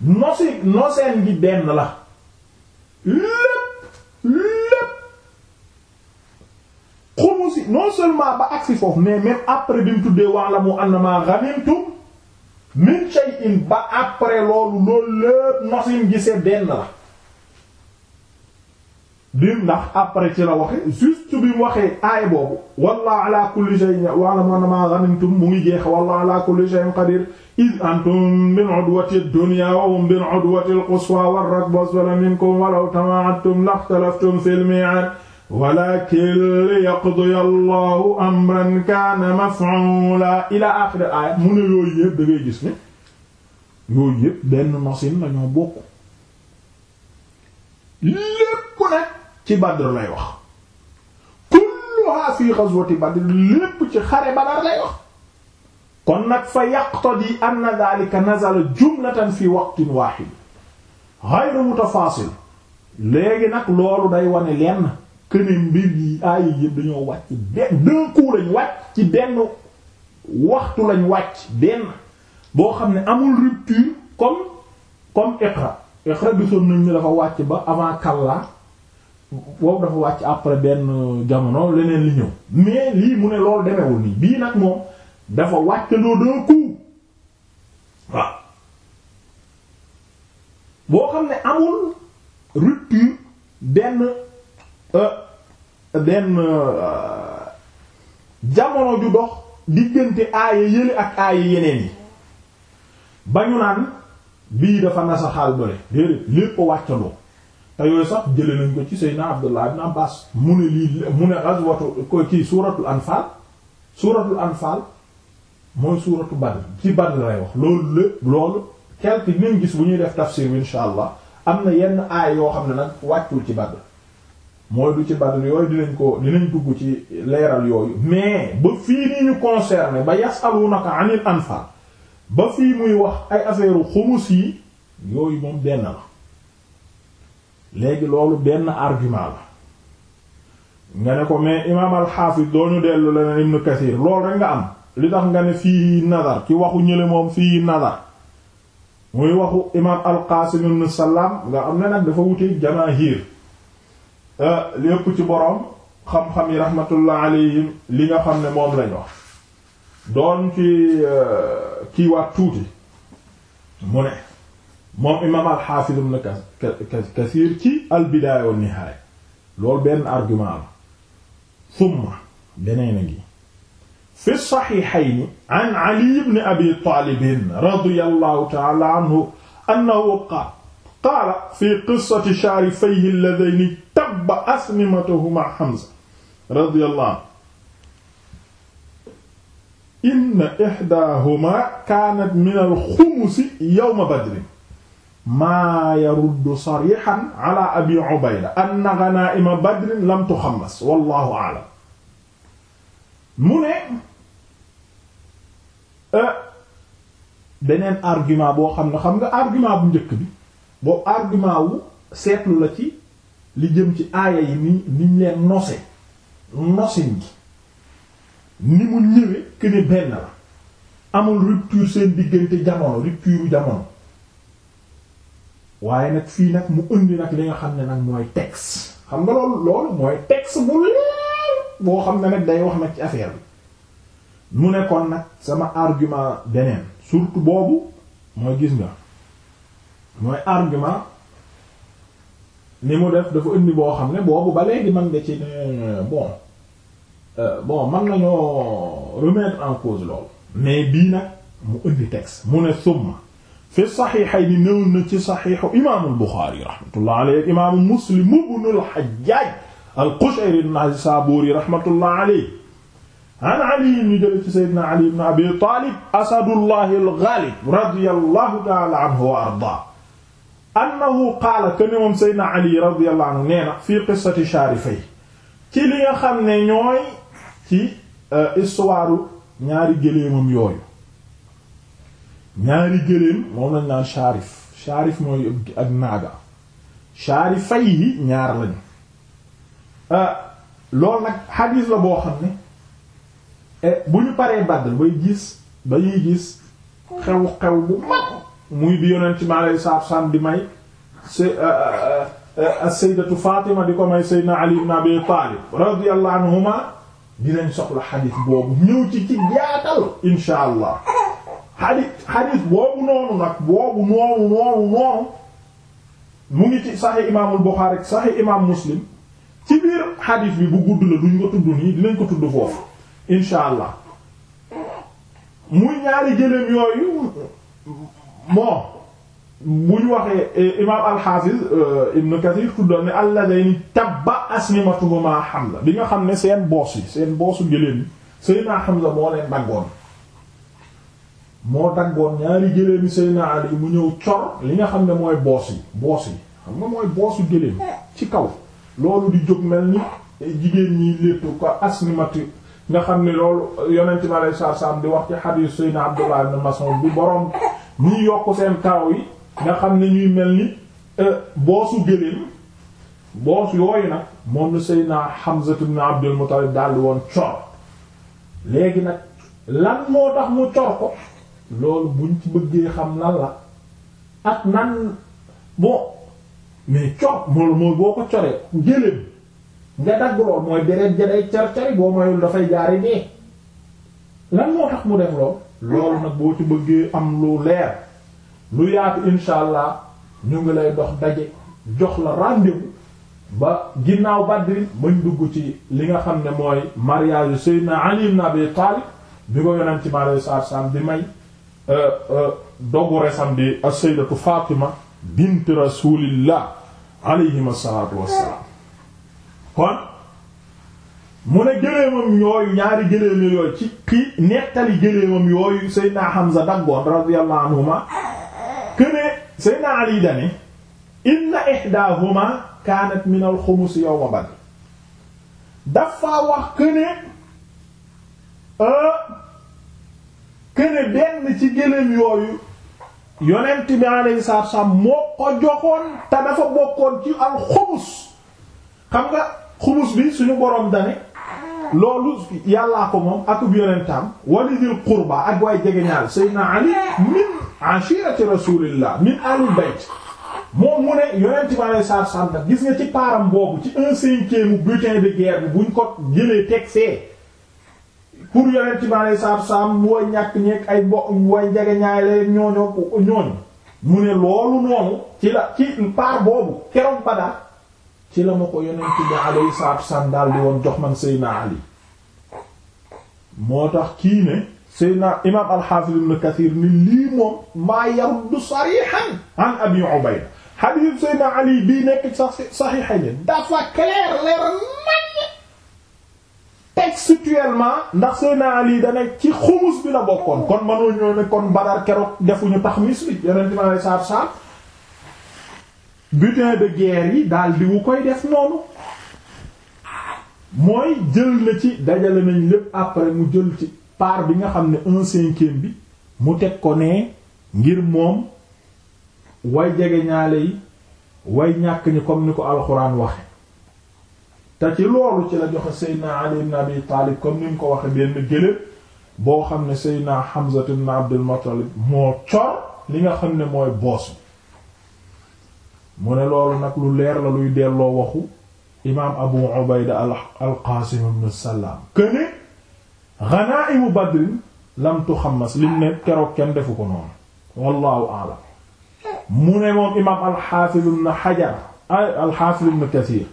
nosi noseen gi benn la lépp lépp xumus yi non ba agsi foofu mais même après bi mu tuddee wala mu anna ma ghanimtum min shay'in ba après loolu loolu lépp nosim gisee benn la bim ndax après ci la waxee juste bi mu waxee aay boobu wallahu ala kulli shay'in wa'lamu ma ghanimtum mu ngi jeex wallahu ala kulli shay'in qadir id antum bil udwati ad-dunya wa hum bil udwati al-quswa war-rakbu asfala minkum wa law tawa'adtum lakhtalaftum fil mi'ad walakin liyaqdiya allahu amran kaana maf'uula ila aaxiri aaya mu ne yooyu yëpp da ngay gis ne yooyu yëpp benn nosin lañoo bokk lépp nag ci Badr lay wax kulluha fi ghazwati Badr lépp ci xare Badr lay wax kon nag fa yaqtadi anna dhalika nazala jumlatan fi waqtin waahid ghayru mutafaasil léegi nag loolu day wane lenn que ne mbir yi aay yëpp dañoo wàcc benn d'un coup lañ wàcc ci benn waxtu lañ wàcc benn boo xam ne amul rupture comme comme Iqra Iqra gisoon nañ dafa wàcc ba avant kàllaa boobu dafa wàcc après benn jamono leneen li ñëw mais lii mu ne loolu demewul nii bii nag moom dafa wàcc loo d'un coup boo xam ne amul rupture benn. Euh, benn euh, jamono ju dox diggante aaya yële ak aaya yeneen yi ba ñu naan bii dafa nasaxaal bële déedéet lépp wàccandoo te yooyu sax jële nañ ko ci Seydina Abdullah ibn Abbas mu ne lii mu ne ghazwatu ko ci suuratul anfaal suuratul anfaal mooy suuratu Badr ci Badr lay wax loolu lépp loolu quelque nañ gis bu ñuy def tafsir bi insha allah am na yenn aay yoo xam ne nag wàccul ci Badr mooy du ci Badr yooyu dinañ ko dinañ dugg ci leeral yooyu mais ba fii nii ñu concerné ba yasalunaka anil anfaal ba fii muy wax ay affaire xumus yi yooyu moom benn la léegi loolu benn argument la nga ne ko mais imaam alxaafis doo ñu dellu leneen Ibn Kathir loolu rek nga am li tax nga ne fii nazar ci waxu ñële moom fii nazar muy waxu imaam alqaasim ibn Salaam nga am ne nag dafa wuteeg jamaahir Euh, li ëpp ci boroom xam-xam yi rahmatullah alayhim li nga xam ne moom lañ wax doon ci euh, kiiwaat tuuti mu ne moom imaam al-Hafiz ibn Kathir ci al-Bidaya wa an-Nihaya loolu benn argument la thumma beneen a ngi fi saxiixayni an Ali ibn Abi Talib radiyallahu ta'ala anhu annahu qaala qaala fi qissati shaarifayhi alladhayni tabba asnimatahuma Hamza radiyallahu anhu inna ihdaahuma kaanat min alxumusi yawma badrin maa yaruddu sariixan ala abi ubayda anna ghanaa'ima badrin lam tuxammas wallahu a'lam mu ne eh, beneen argument boo xam ne xam nga argument bu njëkk bi boo argument wu seetlu la ci li jëm ci aaya yi ni niñ leen nose nosin gi ni mu ñëwee que ni benn la amul rupture seen diggante jamono rupture jamono waaye nag fii nag mu indi nag li nga xam ne nag mooy texte xam nga loolu loolu mooy texte bu leer boo xam ne nag day wax nag ci affaire bi mu nekkoon nag sama argument beneen surtout boobu mooy gis nga mooy argument ni mu def dafa indi boo xam ne boobu ba léegi man nga ci ne bon euh, bon man nañoo remettre en cause loolu mais bii nag mu indi texte mu ne summa fi saxiixayni néew na ci saxiixu imaamul Buxaari rahmatullah alayhi imaamu Muslim ibnul Hajjaaj al-Qushayri an-Naysaabuuri rahmatullah alayhi an Ali ñu jële ci Seydina Ali ibn Abi Taalib asadullahi al-Ghaalib radiyallahu ta'ala anhu wa ardaa annahu qaala que ne moom Seydina Ali radiyallahu anhu nee na fii qissati Sharifay ci li xam ne ñooy ci euh, histoire ñaari gëléemam yooyu ñaari gëléem moom lañ naan Sharif Sharif mooy ak naaga Sharifay yi ñaar lañu euh, loolu nag xadiis la boo xam ne eh, bu ñu paree Badr bay gis ba ñuy gis xew-xew bu mag muy bi yonent mi alayhi salaatu di may sayyidatu Fatima di ko may sayyidina Ali ibn Abi Talib radiyallahu ci ci allah xadis xadis boobu noonu nag boobu noonu noonu noonu ngi ci saxi imaamul Buxaari ak saxi ci biir xadis bu gudd dinañ ko tudd foofu insha allah muy ñaari jëlem yooyu bon bu ñu waxee eh, imaam al-Hafiz eh, Ibn Kathir tuddoon ne alladayni tabba asnimatuhuma Hamza bi nga xam ne seen boos yi seen boosu gëléem Seydina Hamza moo leen daggoon moo daggoon ñaari gëléem yi Seydina Ali mu ñëw cor li nga xam ne mooy boos yi boos yi xam nga mooy boosu gëléem ci kaw loolu di jóg mel ni eh, jigéen ñi léttu ko asnimatu nga xam ne loolu yonent bi sallallahu alayhi wasallam di wax ci hadith Seydina Abdullah bi borom. ñuy yokk seen karaw yi nga xam ne ñuy mel ni euh, boosu gëléem boos yooyu nag moom la Seydina Hamza ibn Abdul Muttalib daal woon cor léegi nag lan moo tax mu cor ko loolu buñ ci bëggee xam lan la ak nan bon mais cor moolu mooy boo ko coree gëléem nga dagg lool mooy deret ja day car cari boo mayul dafay jaari dee lan moo tax mu def lool loolu nag boo ci bëggee am lu leer lu yaatu insha allah ñu ngi lay dox daje jox la rendez ba ginnaaw Badri bañ dugg ci li nga xam ne mooy mariage Seydina Ali ibn Abi Talib bi ko yonent ci mariage saar saam bi may euh, euh, dogu resam bi as-Sayyidatu Fatima bint Rasulillah alayhi salaatu wassalaam kon mu ne gëléemam yooyu ñaari gëléem yooyu ci ki nettali gëléemam yooyu Seydina Hamza daggoon radiyallahu anhuma këne Seydina Ali dane inna ihdahuma kaanat min al xumus yawma Badr dafa wax këne këne euh, benn ci gëléem yooyu yonent bi alayhi salaatu wasallam moo ko joxoon te dafa bokkoon ci al xumus xam nga xumus bi suñu boroom dane loolu yàllaa ko moom akub yonentam walidil qurba ak waay jegeñaal sayyidina ali min ashirati rasulillah min alul bayt moom mu ne yonent bi alei saatu salaam nag gis nga ci paaram boobu ci un butin de guerre bi buñ ko jëlee teg fee pour yonent bi alei saatu salaam wooy ñàkk ñeeg ay bo wooy jegeñaay leen ñooñoo ñooñu mu ne loolu noonu ci la ci paar boobu keroog Badar ci la ma ko yonent bi alayhi salaatu wassalaam daal di jox man Seydina Ali moo tax kii ne Seydina imaam al-Hafiz Ibn Kathir ni lii moom maa yaruddu an Abi Ubayda hadith Seydina Ali bii nekk sax Sahihayni dafa clair leer nañ textuellement ndax Seydina Ali da nekk ci xumus bi la bokkoon kon mënoo ñoo ne kon Badar keroog defuñu taxmis bi yonent bi alayhi salaatu wassalaam butin de guerre yi daal di wu koy def noonu mooy jël na ci dajale nañ lépp après mu jël ci part bi nga xam ne un cinquième bi mu teg ko nee ngir moom way jege ñaale yi way ñàkk ñi comme ni ko alxuraan waxe te ci loolu ci la joxe Seydina Ali ibn Abi Taalib comme ni mu ko waxe benn gëléb boo xam ne Seydina Hamza ibn Abdul Muttalib moo cor li nga xam ne mooy boos mu ne loolu nag lu leer la luy delloo waxu imaam abu ubayda alqaasim ibn salaam këne ghanaaimu badrin lam tuxammas lim ne keroog kenn defu ko noonu wallahu a'lam mu ne moom imaam alxaafiz ibn hajar ay alxaafiz ibn kasiir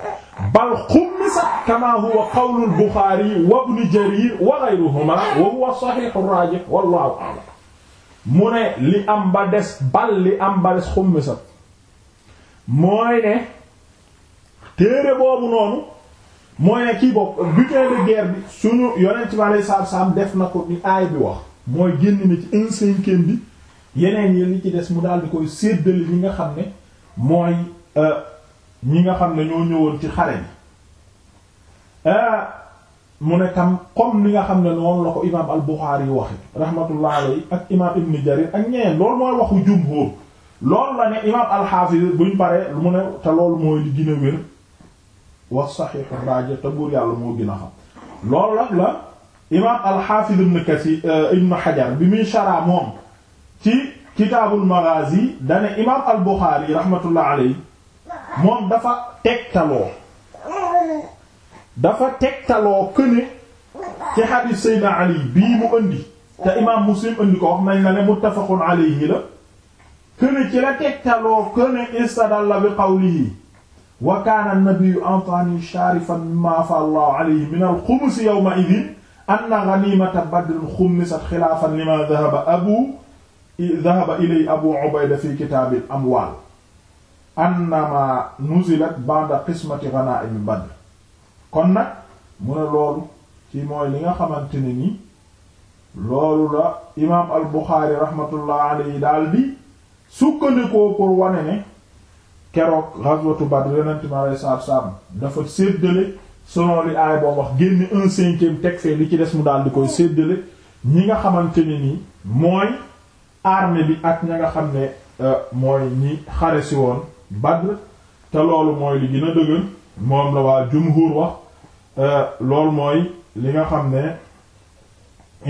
bal xummisa kama huwa qawlu buxaari wa ibn jariir wa ghayruhuma wa huwa saxiix raajix wallahu a'lam mu ne li am ba des bal li am ba des xummisa mooy ne téere boobu noonu mooy ne kii bopp butin de guerre bi suñu yonent bi alei saatu salaam def na ko ni aay bi wax mooy génn na ci un bi yeneen yi li ci des mu daal di koy séddale ñi nga xam ne mooy euh, ñi nga xam ne ñoo ñëwoon ci xare bi euh, mu ne tam comme li nga xam ne noonu la ko imaam al Buxaari yi waxe rahmatullah ak imaam ibn Jarir ak ñeneen loolu mooy waxu jumhur loolu la ne imaam alxaafis buñ paree mu ne te loolu mooy li gën a wér wax yàlla moo gën a xam loolu la imaam alxaafis ibn kasi euh, ibn xajar bi muy sharaa moom ci kitaabul maghazi dane imaam al buxaari rahmatullah alayhi moom dafa tegtaloo dafa tegtaloo këne ci xadiis seydna ali bii mu indi te imaam muslim indi ko wax nañ la ne muttafaqun alayhi këne ci la tegtaloo këne istadalla bi qawlihi wa kaana an-nabiyyu a'taani shaarifan mimmaa afa Allahu alayhi min al-xumus yawma idin anna ghaniimata badrin xummisat xilaafan limaa dhahaba abu dhahaba ilay abu ubayda fi kitaabil amwaal annamaa nuzilat ba'da qismati ghanaa'imi badr kon nag mu ne loolu ci mooy li nga xamante ne ni loolu la imaam al-Buxaari rahmatullah alayhi daal di sukkandikoo pour wane ne keroog ghazwatu Badr yonent mi alayhi salaatu wa salaam dafa séddale selon li aay boo wax génne un cinquième teg fee li ci des mu daal di koy séddale ñi nga xamante ni nii mooy armée bi ak ña nga xam ne euh, mooy ñi xare si woon Badr te loolu mooy li gën a dëgër moom la waa jumhur wax euh, loolu mooy li nga xam ne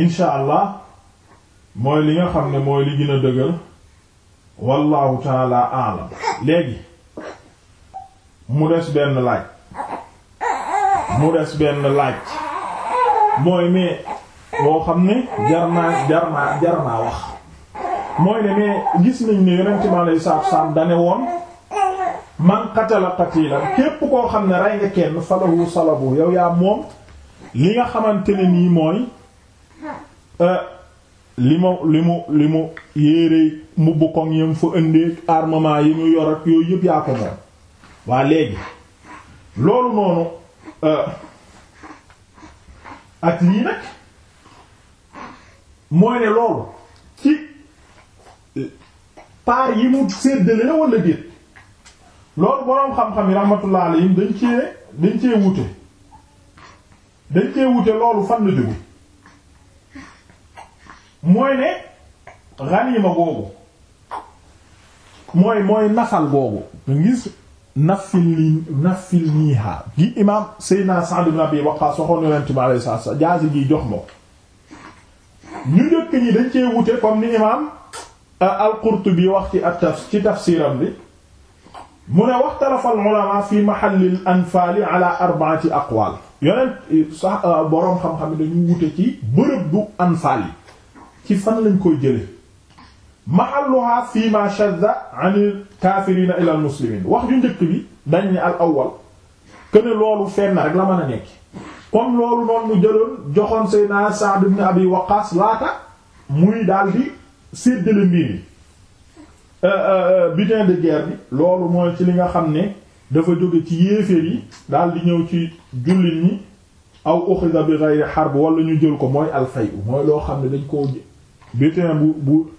incha allah mooy li nga xam ne mooy li gën a dëgër wallahu taala alam léegi mu des benn laaj mu des benn laaj mooy mais boo xam ne jar naa jar naa jar naa wax mooy ne mais gis nañ ne yonent mi alayhi salaatu wa salaam dane woon man qatala qatilan képp koo xam ne rey nga kenn falahu salabu yow yaa moom li nga xamante ne nii mooy euh, li mu li mu li mu yéere mbubb koŋ yam fa ëndee armement yi ñu yor ak yooyu yëpp yaa ko moom waa léegi loolu noonu euh, ak lii nag mooy ne loolu ci euh, paar yi mu séddale la wala déet loolu boroom xam-xam yi rahmatullah alayhim dañ cee dañ cee wute dañ cee wute loolu fan la jógu mooy ne ganima boobu mooy mooy nafal boobu nga ngi nafil nii nafil nii imaam Seydina Sa'd ibn Abi Waqqaas waxoon yonent bi alayhi salaatu salaam jaasi gi jox ma ñu njëkk ñi dañ cee wute comme ni imaam euh, al-Qurtubi wax ci at ci tafsiram bi mu ne waxtalafal ulamaa fi mahallil anfaali yonent euh, boroom xam-xam dañu wute ci bërëb bu anfaal yi ci fan lañ koy jële mahalluha fi ma shadda anil kaafirina ila al muslimin wax ju njëkk bi dañ ne rek la mën a nekk comme loolu noonu mu jëloon joxoon Seydina Sa'd ibn Abi Waqqas laata muy daal di séddale mbir yi euh, euh, euh, butin de guerre loolu mooy ci li nga xam ne dafa jóge ci yéeféer yi daal di ñëw ci jullit ñi aw ukhidha bi ghayri harb wala ñu jël ko mooy al mooy loo xam ne dañ koo butin bu bu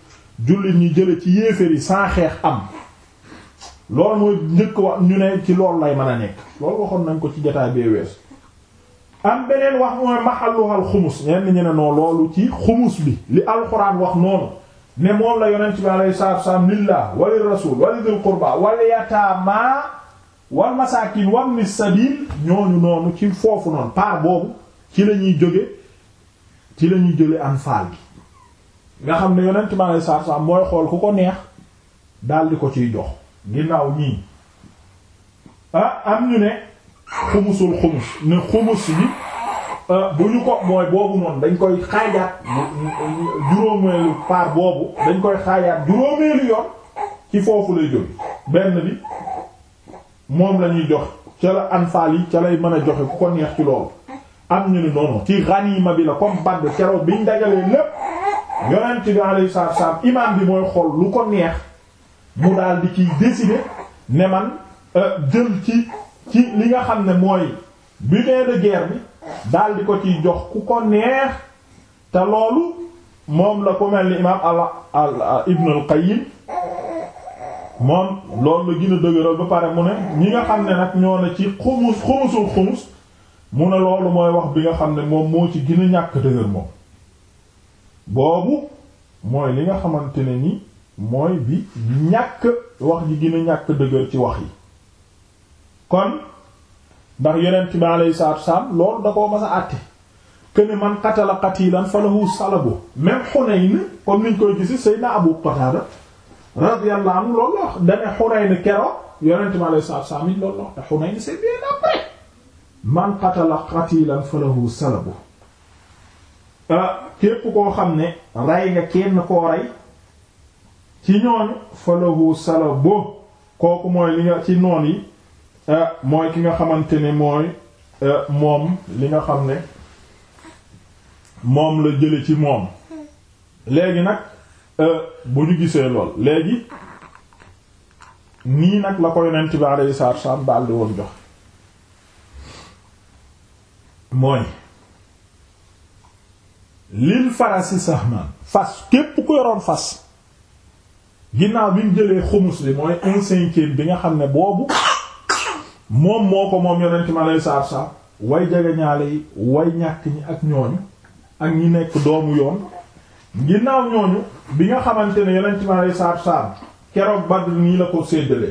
jullit ñuy jële ci yéeféer yi sans xeex am loolu mooy njëkk wax ñu ne ci lool lay mën a nekk loolu waxoon nañ ko ci jotaay bee weesu am beneen wax mooy maxalluhal xumus ñenn ñu ne loolu ci xumus bi li alxuraan wax noonu ne moom la yonent bi alayhi salaatu wassalaam lillah walil rasul walidil qurba wal yataama wal masaakin wabni sabil ñooñu noonu ci foofu noonu par boobu ci la ñuy jóge ci la ñuy jële anfaal gi nga xam ne yonent ma saar saar mooy xool ku ko neex di ko ciy jox ginnaaw ñii ah, am ñu ne xumusul xumus ne xumus bi ah, bu ñu ko mooy boobu noonu dañ koy xaajaat juróomeelu paar boobu dañ koy xaajaat juróomeelu yoon ci foofu lay jóge benn bi moom lañuy jox ca la anfaal yi ca lay mën a joxe ku ko neex ci loolu am ñu ne noonu ci xaniima bi la comme band keroog biñ dajalee lépp yonent bi alayhi salaatu wa salaam imaam bi mooy xool lu ko neex mu daal di kiy décider ne man euh, jël ci ci li nga xam ne mooy butin de guerre bi daal ko ci jox ku ko neex te loolu moom la ko mel ni imaam al al Ibn al Qayyim moom loolu la gën a ba pare mu ne ñi nga xam ne nag ñoo ne ci xumus xumusul xumus mu ne loolu mooy wax bi nga xam ne moom moo ci gën a ñàkk dëgër moom. boobu mooy li nga xamante ne ni mooy bi ñàkk wax ji gën a ñàkk dëgër ci wax yi kon ndax yonent bi alayhi salaatu wasalaam loolu da koo mas a àtte këni man qatala qatilan falahu salabu même Hunayn comme niñ koy gisi Seydina Abu Qatada radiyallahu anhu loolu wax dane Hunayn keroog yonent bi alayhi salaatu wasalaam loolu wax te Hunayn c'est bien après man qatala qatilan falahu salabu képp koo xam ne rey nga kenn koo rey ci ñooñu falahu salabo kooku mooy li nga ci noon yi eh, mooy ki nga xamante ne mooy eh, moom li nga xam ne moom la jële ci moom léegi nag eh, bu ñu gisee lool léegi nii nag la ko yonent bi alayhi salaatu wa daldi woon jox mooy lil farasi sahman fas képp ku yoroon fas ginnaaw bi mu jëlee xumus li mooy un bi nga xam ne boobu moom moo ko moom yonent ma lay saab saab way jagañaale yi way ñàkk ñi ak ñooñu ak ñi nekk doomu yoon ginnaaw ñooñu bi nga xamante ne yonent ma lay saab saab keroog Badr nii la ko séddale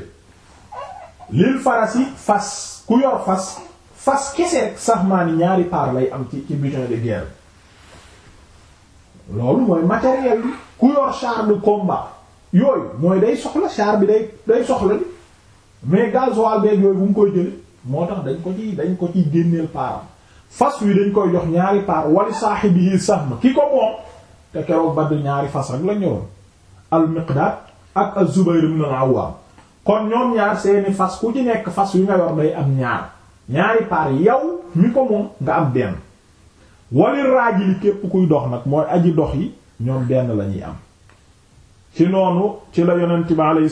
lil farasi fas ku yor fas fas kese sax maa ñaari paar lay am ci ci butin de guerre loolu mooy matériel bi ku yor char de combat yooyu mooy day soxla char bi day day soxla li mais gasoil beeg yooyu bu mu koy jële moo tax dañ ko ci dañ ko ciy génneel paaram fas wi dañ koy jox ñaari paar wali saahibihi sahm ki ko moom te keroog badd ñaari fas rek la ñëwoon al miqdaad ak az zubayr al awwaam kon ñoom ñaar seeni fas ku ci nekk fas wi nga yor day am ñaar ñaari paar yow mi ko moom nga am benn wali raaj li képp kuy dox nag mooy aji dox yi ñoom benn lañuy am ci noonu ci la yonent bi alayhi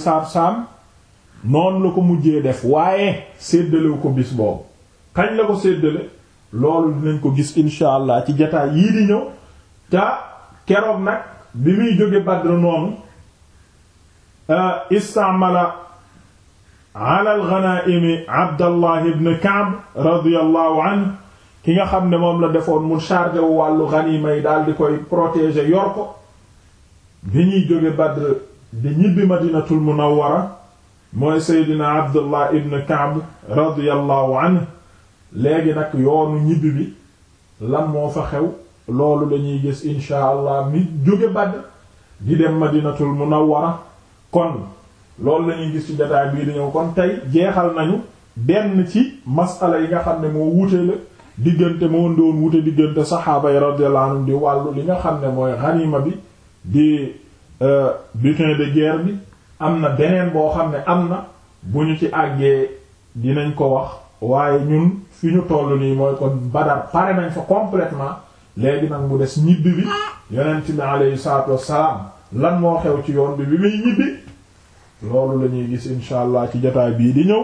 noonu la ko mujjee def waaye séddalewu ko bis boobu kañ la ko séddale loolu dinañ ko gis insha allah ci jataay yii di ñëw te keroog nag bi muy jóge Badr noonu eh, istamala ala al-ghanaa'im Abdallah ibn Ka'b radiyallahu ki nga xam ne moom la defoon mu chargé wu wàllu xaniima yi daal di koy protéger yor ko bi ñuy jóge Badr di ñibbi Madinatul Munawwara mooy Seydina Abdullah ibn Ka'b radiyallahu anhu léegi nag yoonu ñibbi bi lan moo fa xew loolu lañuy gis insha allah mi jóge Badr di dem Madinatul Munawwara kon loolu lañuy gis ci jotaay bii di ñëw kon tey jeexal nañu benn ci masala yi nga xam ne moo wuute la diggante moom doon wute diggante saxaaba yi radiyallahu anhum di wàllu li nga xam ne mooy xaniima bi di euh, butin de guerre bi am na beneen boo xam ne am na bu ñu ci àggee dinañ ko wax waaye ñun fi ñu toll lii mooy kon Badar pare nañ fa completement léegi nag mu des ñibbi bi yonent bi alayhi salaatu wassalaam lan moo xew ci yoon bi bi muy ñibbi loolu la gis incha allah ci jotaay bii di ñëw